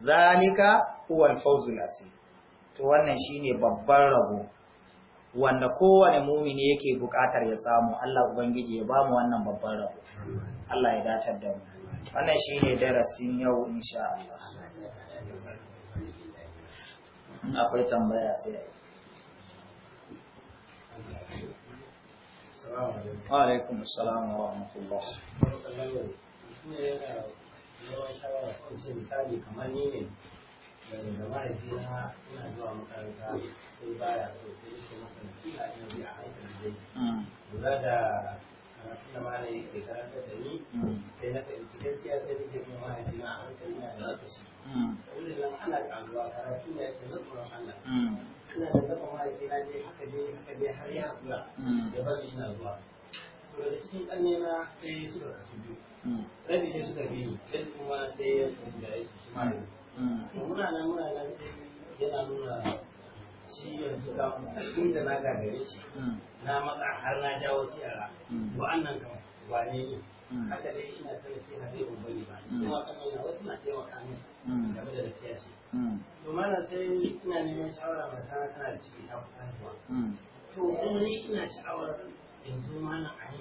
zalika huwal fawzul azim to wannan shine babban rabo wanda kowane mumini yake buƙatar ya samu Allah ubangiji ya bamu wannan babban rabo Allah ya datar da mu wannan shine darasin yau insha Allah akwai tambaya sai Wa alaikum assalam wa rahmatullah. neman shawara ko ce misali kamar ni ne daga eh, da mahaifina ina zuwa makaranta sai baya so sai ya ce masa kila ina bi a hankali zai mm. lura da karatu da ya ke karanta da ni mm. sai na fahimci gaskiya sai nake bin mahaifina a hankali na da lokaci mm. wurin nan ana ƙaruwa karatu ne ake na tsoron Allah ina da zama mahaifina dai haka dai haka dai har ya haɗuwa ya bari ina zuwa to daga cikin ƙannena sai suka kasu biyu rabi sai suka bi ɗin kuma sai ya tunjaye su shi mare hmm. muna nan muna nan sai yana nuna shi yanzu ga tun da na gagare shi hmm. na matsa har na jawo tiyara hmm. wa'annan kan wane ne haka dai ina ta nasiha zai ubani ba kuma kamar yana wasu na taimaka min game da nasiha shi to mana sai ina neman shawara mata tana da ciki ta kusa to kuma ni ina sha'awar yanzu mana a yi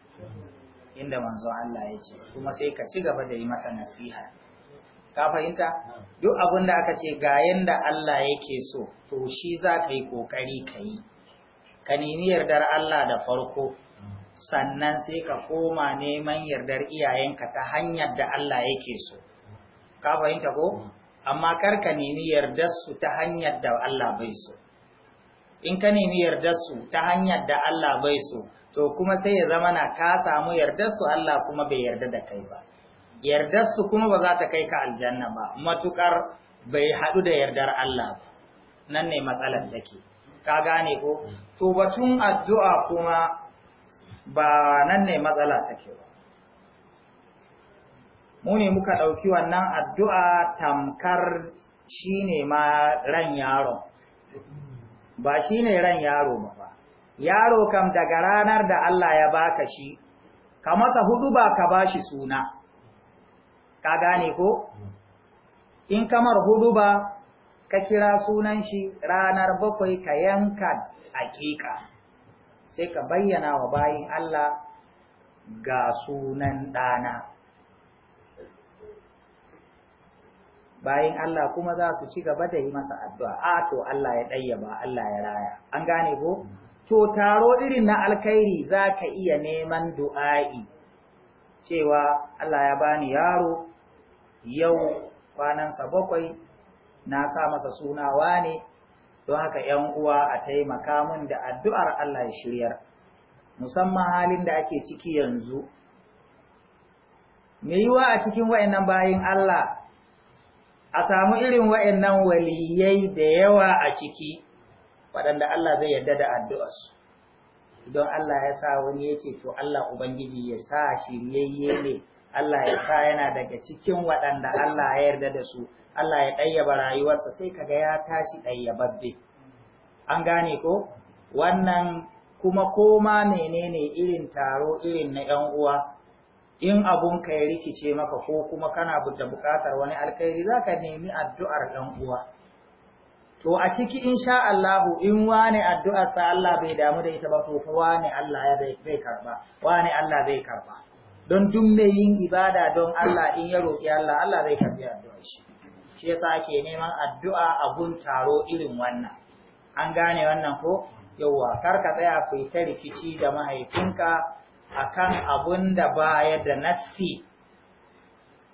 inda manzo Allah ya ce kuma sai ka ci gaba da yi masa nasiha ka fahimta duk abin da aka ce ga yanda Allah yake so to shi za ka yi kokari ka yi ka nemi yardar Allah da farko sannan sai ka koma neman yardar iyayenka ta hanyar da Allah yake so ka fahimta ko amma kar ka nemi yardar su ta hanyar da Allah bai so in ka nemi yardar su ta hanyar da Allah bai so to kuma sai ya zama na ka samu yardarsu Allah kuma bai yarda da kai ba yardarsu kuma ba za ta kai ka aljanna ba matukar bai haɗu da yardar Allah ba nan ne matsalar take ka gane ko to batun addu'a kuma ba nan ne matsala take ba mu ne muka ɗauki wannan addu'a tamkar shine ma ran yaro ba shine ran yaro ba yaro kam daga ranar da Allah ya baka shi ka masa hudu ba ka bashi suna ka gane ko in kamar hudu ba ka kira sunan shi ranar bakwai ka yanka aƙiƙa sai ka bayyana wa bayin Allah ga sunan ɗana Bayin Allah kuma za su ci gaba da yi masa addu'a a to Allah ya ɗayyaba Allah ya raya an gane ko to taro irin na alkhairi za ka iya neman du'a'i cewa Allah ya bani yaro yau kwanansa bakwai na sa masa sunawa ne don haka ‘yan uwa a taimaka mun da addu'ar Allah ya shiryar musamman halin da ake ciki yanzu mai yiwa a cikin wa'yannan bayin Allah a samu irin wa'yannan waliyai da yawa a ciki waɗanda Allah zai yarda da addu'arsu idan Allah ya sa wani ya ce to Allah Ubangiji ya sa shiryayye ne Allah ya sa yana daga cikin waɗanda Allah ya yarda da su Allah ya ɗayyaba rayuwarsa sai kaga ya tashi ɗayyababbe an gane ko wannan kuma koma menene irin taro irin na ‘yan uwa in abun ka ya rikice maka ko kuma kana da buƙatar wani alkhairi za ka nemi addu'ar ‘yan uwa to a ciki insha Allah in wani addu'ar sa Allah bai damu da ita ba to fa wani Allah ya bai karba wani Allah zai karba don duk mai yin ibada don Allah in ya roki Allah Allah zai karbi addu'ar shi shi yasa ake neman addu'a a gun taro irin wannan an gane wannan ko yawa kar ka tsaya ku ta rikici da mahaifinka kan abun da baya da nassi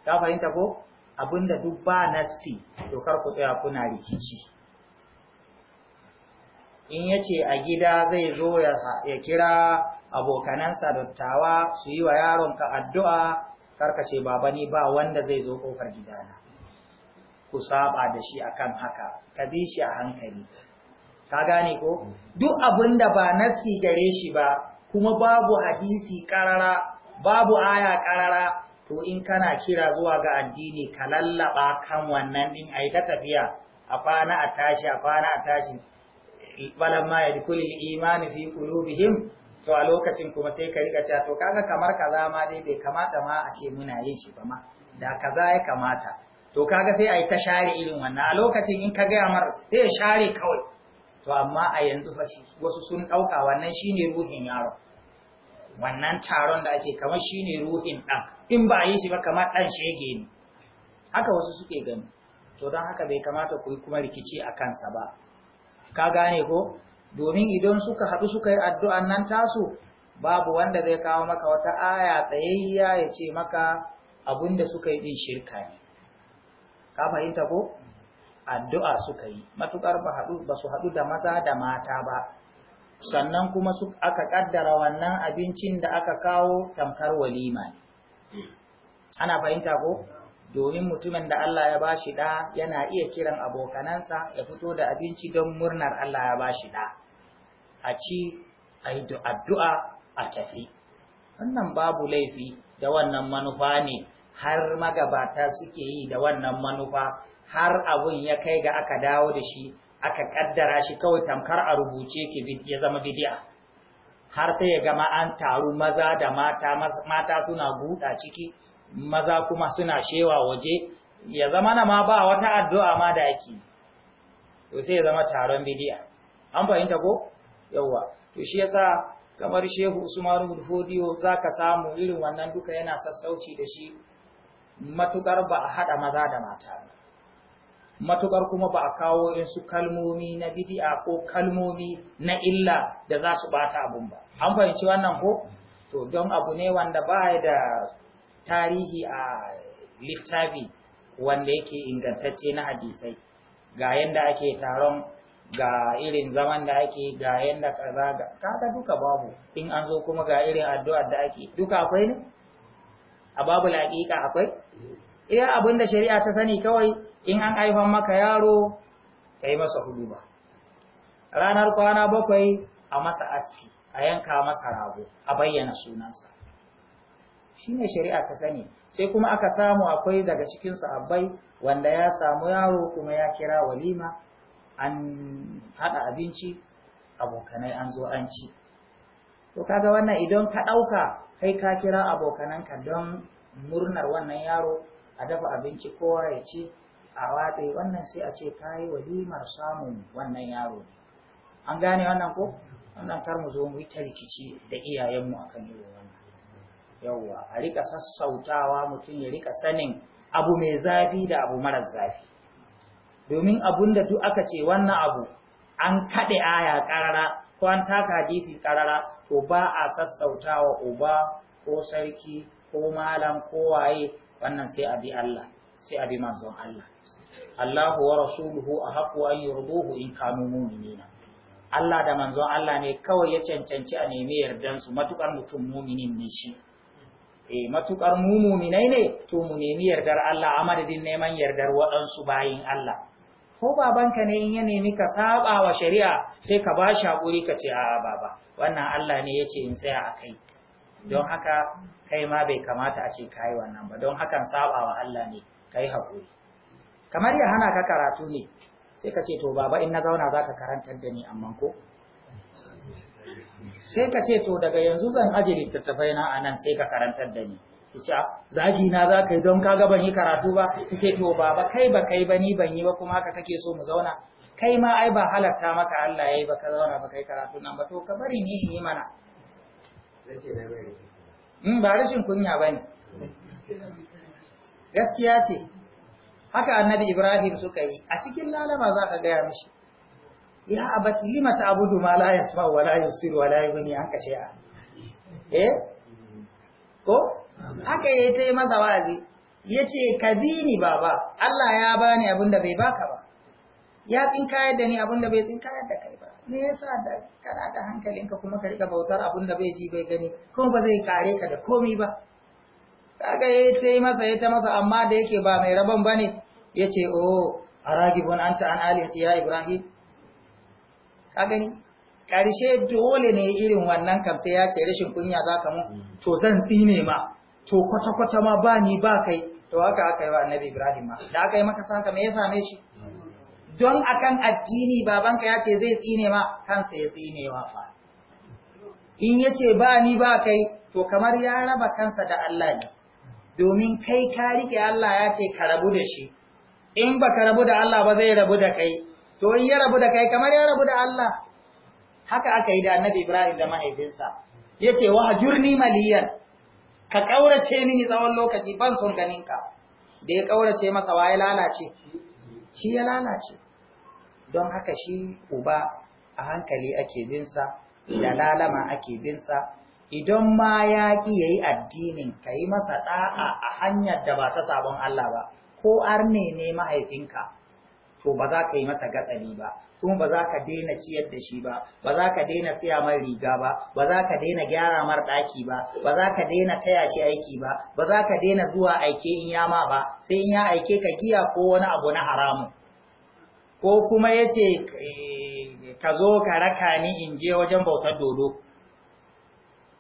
ka fahimta ko abun da duk ba nassi to kar ku tsaya kuna rikici in ya ce a gida zai zo ya kira abokanansa dattawa su yi wa yaronka addu'a karkace baba ni ba wanda zai zo ƙofar gidana ku saba da shi akan haka ka bi shi a hankali ka gane ko duk abin ba nasi gare shi ba kuma babu hadisi karara babu aya karara to in kana kira zuwa ga addini ka lallaba kan wannan din ai ta tafiya a kwana a tashi a kwana a tashi balamma ya dukulil imani fi qulubihim to a lokacin kuma sai ka riga cewa to kaga kamar kaza ma dai bai kamata ma a ce muna yin shi ba ma da kaza ya kamata to kaga sai ai ta share irin wannan a lokacin in ka gaya mar sai ya share kawai to amma a yanzu fa wasu sun ɗauka wannan shine ruhin yaron wannan taron da ake kamar shine ruhin ɗan in ba a yi shi ba kamar ɗan shege ne haka wasu suke gani to don haka bai kamata ku yi kuma rikici a kansa ba ka gane ko domin idan suka haɗu suka yi addu'an nan tasu babu wanda zai kawo maka wata aya tsayayya ya ce maka da suka yi ɗin shirka ne ka fahimta ko addu'a suka yi matuƙar ba su haɗu da maza da mata ba sannan kuma aka ƙaddara wannan abincin da aka kawo tamkar walima ana fahimta ko domin mutumin da Allah ya ba shi ɗa yana iya kiran abokanansa ya fito da abinci don murnar Allah ya shi ɗa a ci a yi addu'a a tafi wannan babu laifi da wannan manufa ne har magabata suke yi da wannan manufa har abun ya kai ga aka dawo da shi aka kaddara shi kawai tamkar a rubuce ki ya zama bidiya har sai ya gama an taru maza da mata mata suna guda ciki maza kuma suna shewa waje ya zama na ma ba wata addu'a ma da ake to sai ya zama taron bidiya an fahimta ko yawwa to shi yasa kamar shehu usman za zaka samu irin wannan duka yana sassauci da shi matukar ba a hada maza da mata matukar kuma ba a kawo su kalmomi na bidi'a ko kalmomi na illa da za su bata abun ba an fahimci wannan ko to don abu ne wanda ba da tarihi a littafi wanda yake ingantacce na hadisai ga yanda ake taron ga irin zaman da ake ga yanda kaza ga kaga duka babu in an zo kuma ga irin addu'ar da ake duka akwai ne a babu laƙiƙa akwai iya abin da shari'a ta sani kawai in an aifan maka yaro ka yi masa hudu ba ranar kwana bakwai a masa aski a yanka masa rago a bayyana sunansa ne shari'a ta sani sai kuma aka samu akwai daga cikin sahabbai wanda ya samu yaro kuma ya kira walima an hada abinci abokanai an zo an ci to kaga wannan idan ka ɗauka kai ka kira abokananka don murnar wannan yaro a dafa abinci kowa ya ci a watse wannan sai a ce ka yi walimar samun wannan yaro an gane wannan ko wannan kar mu zo mu yi ta rikici da iyayenmu akan irin wannan yawwa a rika sassautawa mutum ya rika sanin abu mai zafi da abu marar zafi domin abun da duk aka ce wannan abu an kaɗe aya ƙarara ko an taka hadisi ƙarara to ba a sassautawa uba ko sarki ko malam ko waye wannan sai abi Allah sai abi manzon Allah Allahu wa rasuluhu ahaqqu an yurduhu in kanu mu'minina Allah da manzon Allah ne kawai ya cancanci a neme yardan su matukar mutum muminin ne shi eh matukar mu muminai ne to mu nemi yardar Allah a madadin neman yardar waɗansu bayin Allah ko babanka ne in ya nemi ka saba wa shari'a sai ka ba shi hakuri ka ce a baba wannan Allah ne yace in tsaya a kai don haka kai ma bai kamata a ce kai wannan ba don hakan saba wa Allah ne kai hakuri kamar ya hana ka karatu ne sai ka ce to baba in na zauna zaka karantar da ni amma ko sai ka ce to daga yanzu zan aje littattafai na anan sai ka karantar da ni yace zagi na za ka yi don kaga ban yi karatu ba ce to baba kai ba kai ba ni ban yi ba kuma haka kake so mu zauna kai ma ai ba halarta maka Allah yayi ba ka zauna ba kai karatu nan ba to ka bari ni in yi mana in hmm, ba rashin kunya bane gaskiya ce haka annabi Ibrahim suka yi a cikin lalama za ka gaya mishi ya abati lima Abudu ma la yasma wa la yusir wa la yughni anka shay'a eh ko haka yayi tai maza wazi yace ka bi baba Allah ya bani abin da bai baka ba ya tsinka yadda ni abin da bai tsinka yadda kai ba me yasa da kana da hankalinka kuma ka rika bautar abin da bai ji bai gani kuma ba zai kare ka da komai ba kaga yayi tai masa yayi ta masa amma da yake ba mai rabon bane yace oh aragibun anta an alihati ya ibrahim ka gani ƙarshe dole ne irin wannan kamfe ya ce rashin kunya za ka mu mm. to zan tsine ma to kwata-kwata ma ba ni ba kai to haka aka yi wa annabi ibrahim ma da aka yi maka saka me ya same shi mm. don akan addini babanka ya ce zai tsine ma kansa ya tsinewa fa in ya ce ba ni ba kai to kamar ya raba kansa da Allah ne domin kai ka rike Allah ya ce ka rabu da shi in ba ka rabu da Allah ba zai rabu da kai to in ya rabu da kai kamar ya rabu da Allah haka aka yi da annabi Ibrahim da mahaifinsa yace wa hajurni maliyan ka kaurace mini tsawon lokaci ban son ganin ka da ya kaurace masa waye lalace shi ya lalace don haka shi uba a hankali ake bin sa da lalama ake bin sa idan ma ya ki yayi addinin kai masa da'a a hanyar da ba ta sabon Allah ba ko arne ne mahaifinka to ba za ka yi masa gatsali ba kuma ba za ka daina ciyar da shi ba ba za ka daina siya mai riga ba ba za ka daina gyara mar ɗaki ba ba za ka daina taya shi aiki ba ba za ka daina zuwa aike in ya ma ba sai in ya aike ka giya ko wani abu na haramu. ko kuma ya eh, ka zo ka raka ni in je wajen bautar dodo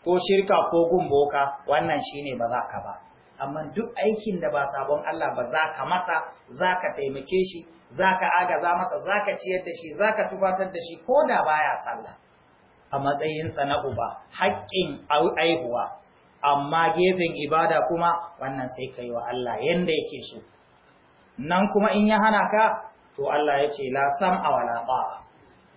ko shirka ko gumboka wannan shine ba za ka ba amma duk aikin da ba sabon Allah ba za ka masa za ka taimake shi za ka za masa za ka ciyar da shi za ka tufatar da shi ko da baya sallah a matsayinsa na uba haƙƙin aihuwa amma gefen ibada kuma wannan sai ka yi wa Allah yanda yake so nan kuma in ya hana ka to Allah ya ce la sam a ta'a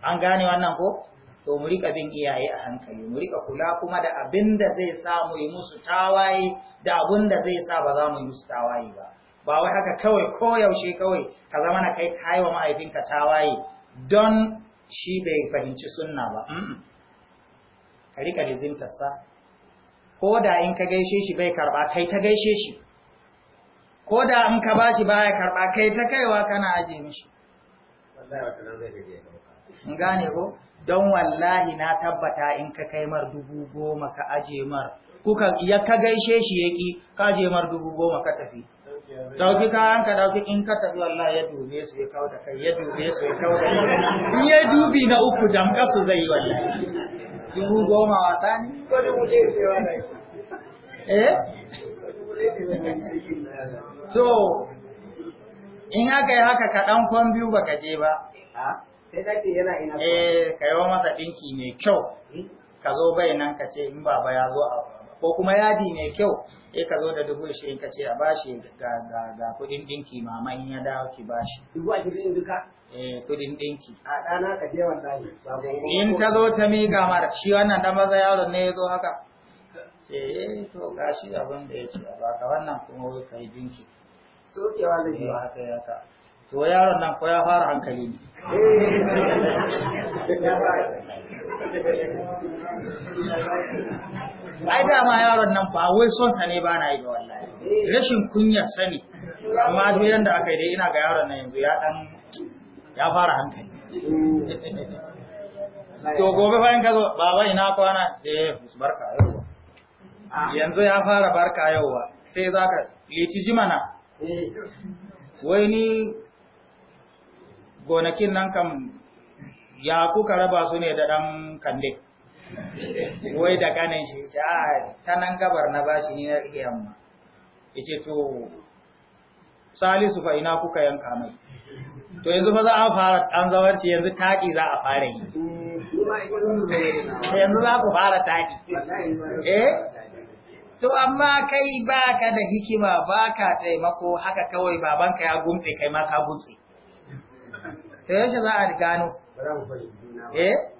an gane wannan ko to mu rika bin iyaye a hankali mu rika kula kuma da abinda zai sa mu yi musu tawaye da abinda zai sa ba za mu yi musu tawaye ba ba wai haka kawai ko yaushe kawai ka zama na kai kayi wa ta tawaye don shi bai fahimci sunna ba ka rika lizimtarsa ko da in ka gaishe shi bai karba kai ta gaishe shi ko da in ka ba shi baya karba kai ta kaiwa kana aje mishi in gane ko don wallahi na tabbata in ka kai mar dubu goma ka aje mar kuka ya ka gaishe shi yaki ka aje mar dubu goma ka tafi dauki kayan ka dauki in ka tafi wallahi ya dube su ya kawo da kai ya dube su ya kawo da kai ya dubi na uku dan kasu zai wallahi dubu goma wasa ne eh to in aka yi haka ka dan kwan biyu baka je ba sai ke yana ina eh kayo masa dinki mai kyau ka zo bai nan ka ce in baba ya zo a ko kuma yadi mai kyau e ka zo da dubu ashirin ka ce a bashi ga ga ga kuɗin ɗinki mama in ya dawo ki bashi. Dubu ashirin duka? Eh kuɗin ɗinki. A ɗana ka je wallahi. In ta zo ta miƙa mara shi wannan ɗan maza yaron ne ya zo haka. Eh to gashi abin da ya ce a baka wannan kuma wai ka yi ɗinki. Sokewa da yi eh, haka ya ka. To yaron nan ko ya fara hankali ne. Eh. ai dama yaron nan ba wai son sa ne ba na yi ba wallahi rashin kunyar sani. amma duk yanda aka yi dai ina ga yaron nan yanzu ya dan ya fara hankali to gobe bayan ka zo baba ina kwana eh barka yau yanzu ya fara barka yau ba sai zaka litiji mana wai ni gonakin nan kam ya kuka raba su ne da dan kande wai da kanin shi ce a nan gabar na bashi ni na rike yamma yace to salisu fa ina kuka yanka mai to yanzu fa za a fara an zawarci yanzu taki za a fara yi yanzu za ku fara taki eh to amma kai baka da hikima baka taimako haka kawai babanka ya gumtse kai ma ka gumtse to yace za a gano eh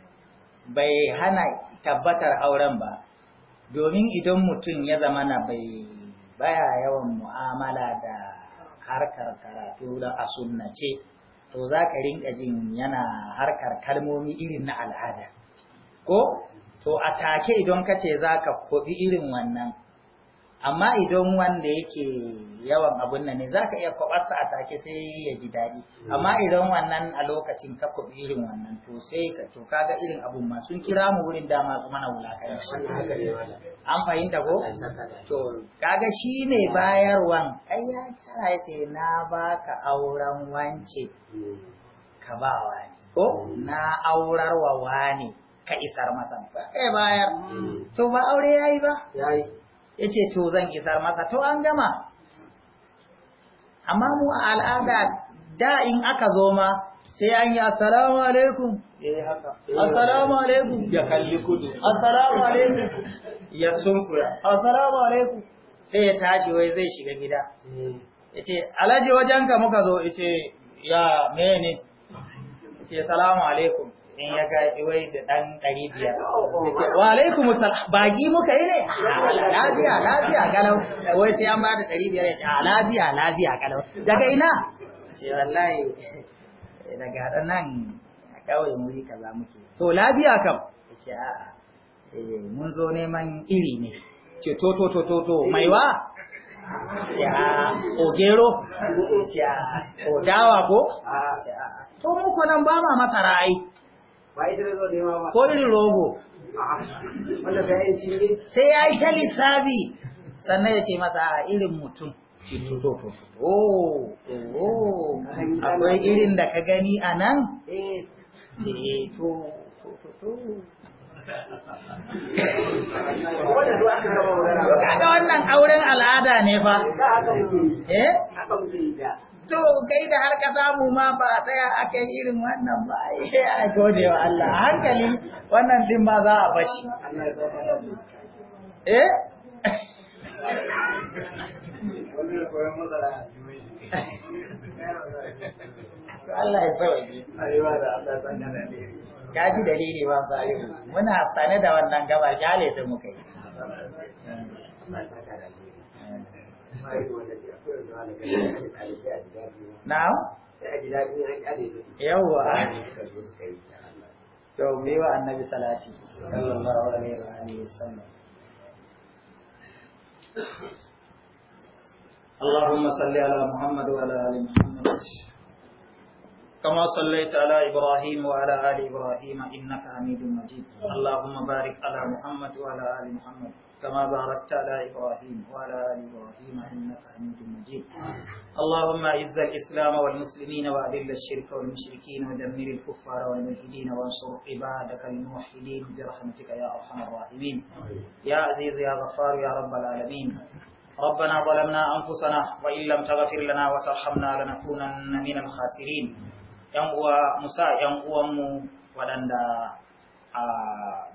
bai hana tabbatar auren ba domin idan mutum ya zama na bai baya yawan mu'amala da harkar karatu da a sunnace to za ka rinka jin yana harkar kalmomi irin na al'ada ko to a take idan ka ce za ka kobi irin wannan amma idan wanda yake yawan abun nan ne za ka iya kwabarsa a take sai ya ji daɗi amma idan wannan a lokacin ka kwabi irin wannan to sai ka to kaga irin abun ma sun kira mu wurin dama kuma na wulakanci an fahimta ko to kaga shi ne bayarwan ai ya kira ya na baka auren wance ka ba wani ko na aurar wa wani ka isar masa ba kai bayar mm. to ba aure yayi ba yayi yace to zan isar masa to an gama amma mu a al'ada da in aka zo ma sai an yi assalamu alaikum eh haka assalamu alaikum ya kalli kudu assalamu alaikum ya sunkura assalamu alaikum sai ya tashi wai zai shiga gida hmm. yace alaji wajenka muka zo yace ya mene yace assalamu alaikum in ya ga iwai da dan ɗari biyar. Wa alaikum Ba baki muka yi ne? Lafiya lafiya galau. Wai sai an ba da ɗari biyar ya ce lafiya lafiya galau. Daga ina? Ce wallahi daga ɗan nan a kawai muri kaza muke. To lafiya kam? Ya a eh, Mun zo neman iri ne. Ce to to to to to maiwa? Ya ogero? Ya dawa ko? Ya to muku nan ba ma masara ai. ko rogo ah, sai ya yi ta lissafi sannan ya ce masa a irin mutum oh oh akwai irin da ka gani a nan? Eh, eh, Kaga wannan auren al'ada ne fa? Eh? to kai da har ka samu ma ba tsaya a akan irin wannan ba eh, ai gode wa Allah hankali wannan din ma za a bashi eh Allah ya sauke. Ka ji dalili ba su arihu. Muna sane da wannan gaba kyale ta muka yi. na'am yawwa to me wa annabi salati sallallahu alaihi wa alihi wasallam اللهم صل على محمد وعلى ال محمد كما صليت على إبراهيم وعلى آل إبراهيم إنك حميد مجيد اللهم بارك على محمد وعلى آل محمد كما باركت على إبراهيم وعلى آل إبراهيم إنك حميد مجيد اللهم أعز الإسلام والمسلمين وأذل الشرك والمشركين ودمر الكفار والملحدين وانصر عبادك الموحدين برحمتك يا أرحم الراحمين يا عزيز يا غفار يا رب العالمين ربنا ظلمنا أنفسنا وإن لم تغفر لنا وترحمنا لنكونن من الخاسرين ينقوى مساء ينقوى waɗanda a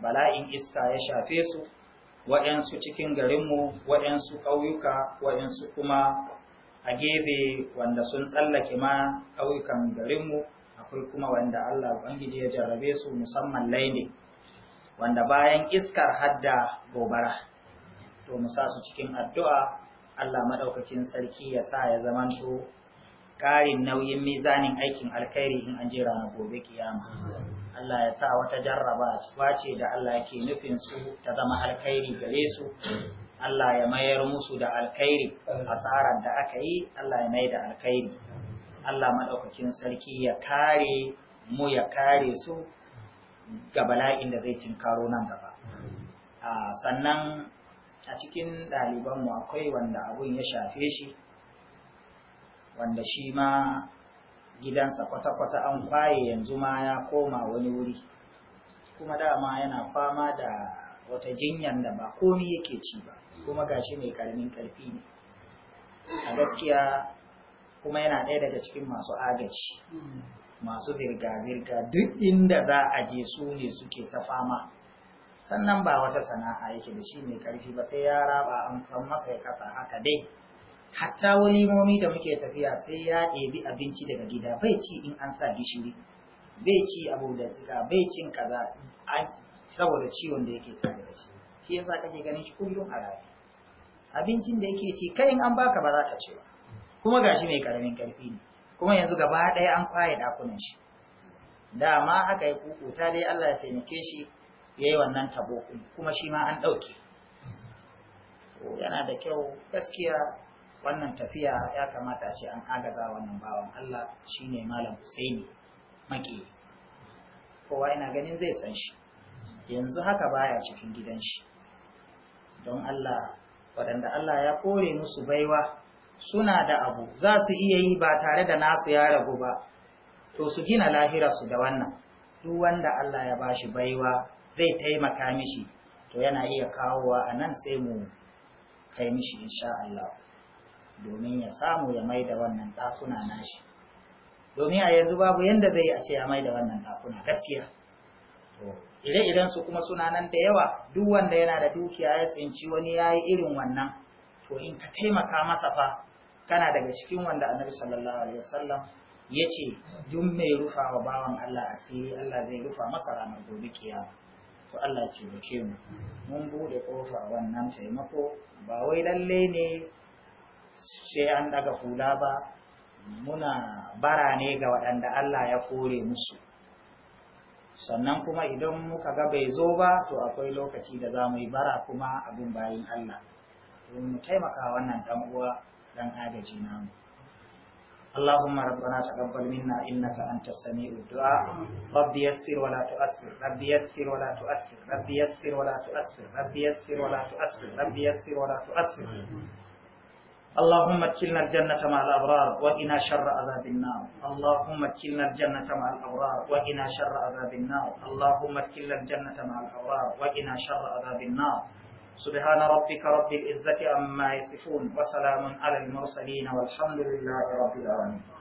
bala'in iska ya shafe su waɗansu cikin garinmu waɗansu ƙauyuka waɗansu kuma a gefe wanda sun tsallake ma ƙauyukan garinmu akwai kuma wanda Allah Ubangiji ya jarrabe su musamman laini wanda bayan iskar hadda gobara to mu sa su cikin addu'a Allah maɗaukakin sarki ya sa ya zamanto ƙarin nauyin mizanin aikin alkhairi in an jira na gobe kiyama. Allah ya sa wata jarraba ce da Allah yake nufin su ta zama alkhairi gare su Allah ya mayar musu da alkhairi asarar da aka yi Allah ya mai da alkhairi Allah maɗaukakin sarki ya kare mu ya kare su ga bala'in da zai tinkaro nan gaba sannan a cikin ɗalibanmu akwai wanda abun ya shafe shi wanda shi ma gidansa kwata-kwata an kwaye yanzu ma ya koma wani wuri kuma dama yana fama da wata jinyar da ba komi yake ci ba kuma gashi mai karamin karfi ne a gaskiya kuma yana ɗaya daga cikin masu agaji masu zirga-zirga duk inda za a je su ne suke ta fama sannan ba wata sana'a yake da shi mai karfi ba sai ya raba an masa ya kasa haka dai hatta wani momi da muke tafiya sai ya ɗebi abinci daga gida bai ci in an sa gishiri bai ci abu da tsika bai cin kaza saboda ciwon da yake tare da shi shi yasa kake ganin shi kullum a rafi abincin da yake ci kai in an baka ba za ka ci ba kuma gashi mai karamin karfi ne kuma yanzu gaba ɗaya an kwaye ɗakunan shi dama haka ya kukuta dai Allah ya taimake shi ya yi wannan tabo kuma shi ma an ɗauke yana da kyau gaskiya wannan tafiya ya kamata ce an agaza wannan bawan Allah shi ne malam Husaini maki kowa ina ganin zai san shi yanzu haka baya cikin gidan shi don Allah waɗanda Allah ya kore musu baiwa suna da abu za su iya yi ba tare da nasu ya ragu ba to su gina lahirarsu da wannan duk wanda Allah ya bashi baiwa zai taimaka mishi to yana iya kawowa a nan sai mu kai mishi insha Allah domin ya samu ya mai da wannan ɗakuna nashi domin a yanzu babu yanda zai a ce ya mai da wannan ɗakuna gaskiya ire-iren su kuma suna nan da yawa duk wanda yana da dukiya ya tsinci wani ya yi irin wannan to in ka taimaka masa fa kana daga cikin wanda annabi sallallahu alaihi wasallam ya ce duk mai rufa wa bawan Allah asiri Allah zai rufa masa ranar gobe kiyama to Allah ce mu mun bude kofar wannan taimako ba wai lalle ne sai an daga hula ba muna bara ne ga waɗanda Allah ya kore musu sannan kuma idan muka ga bai zo ba to akwai lokaci da za mu yi bara kuma abin bayan Allah domin mu taimaka wannan dan uwa dan agaji namu اللهم ربنا تقبل منا انك انت السميع الدعاء ربي يسر ولا تؤثر ربي يسر ولا تؤثر ربي يسر ولا تؤثر ربي يسر ولا تؤثر ربي يسر ولا تؤثر اللهم اكلنا الجنة مع الأبرار وإنا شر عذاب النار اللهم اكلنا الجنة مع الأبرار وإنا شر عذاب النار اللهم اكلنا الجنة مع الأبرار وإنا شر عذاب النار سبحان ربك رب العزة عما يصفون وسلام على المرسلين والحمد لله رب العالمين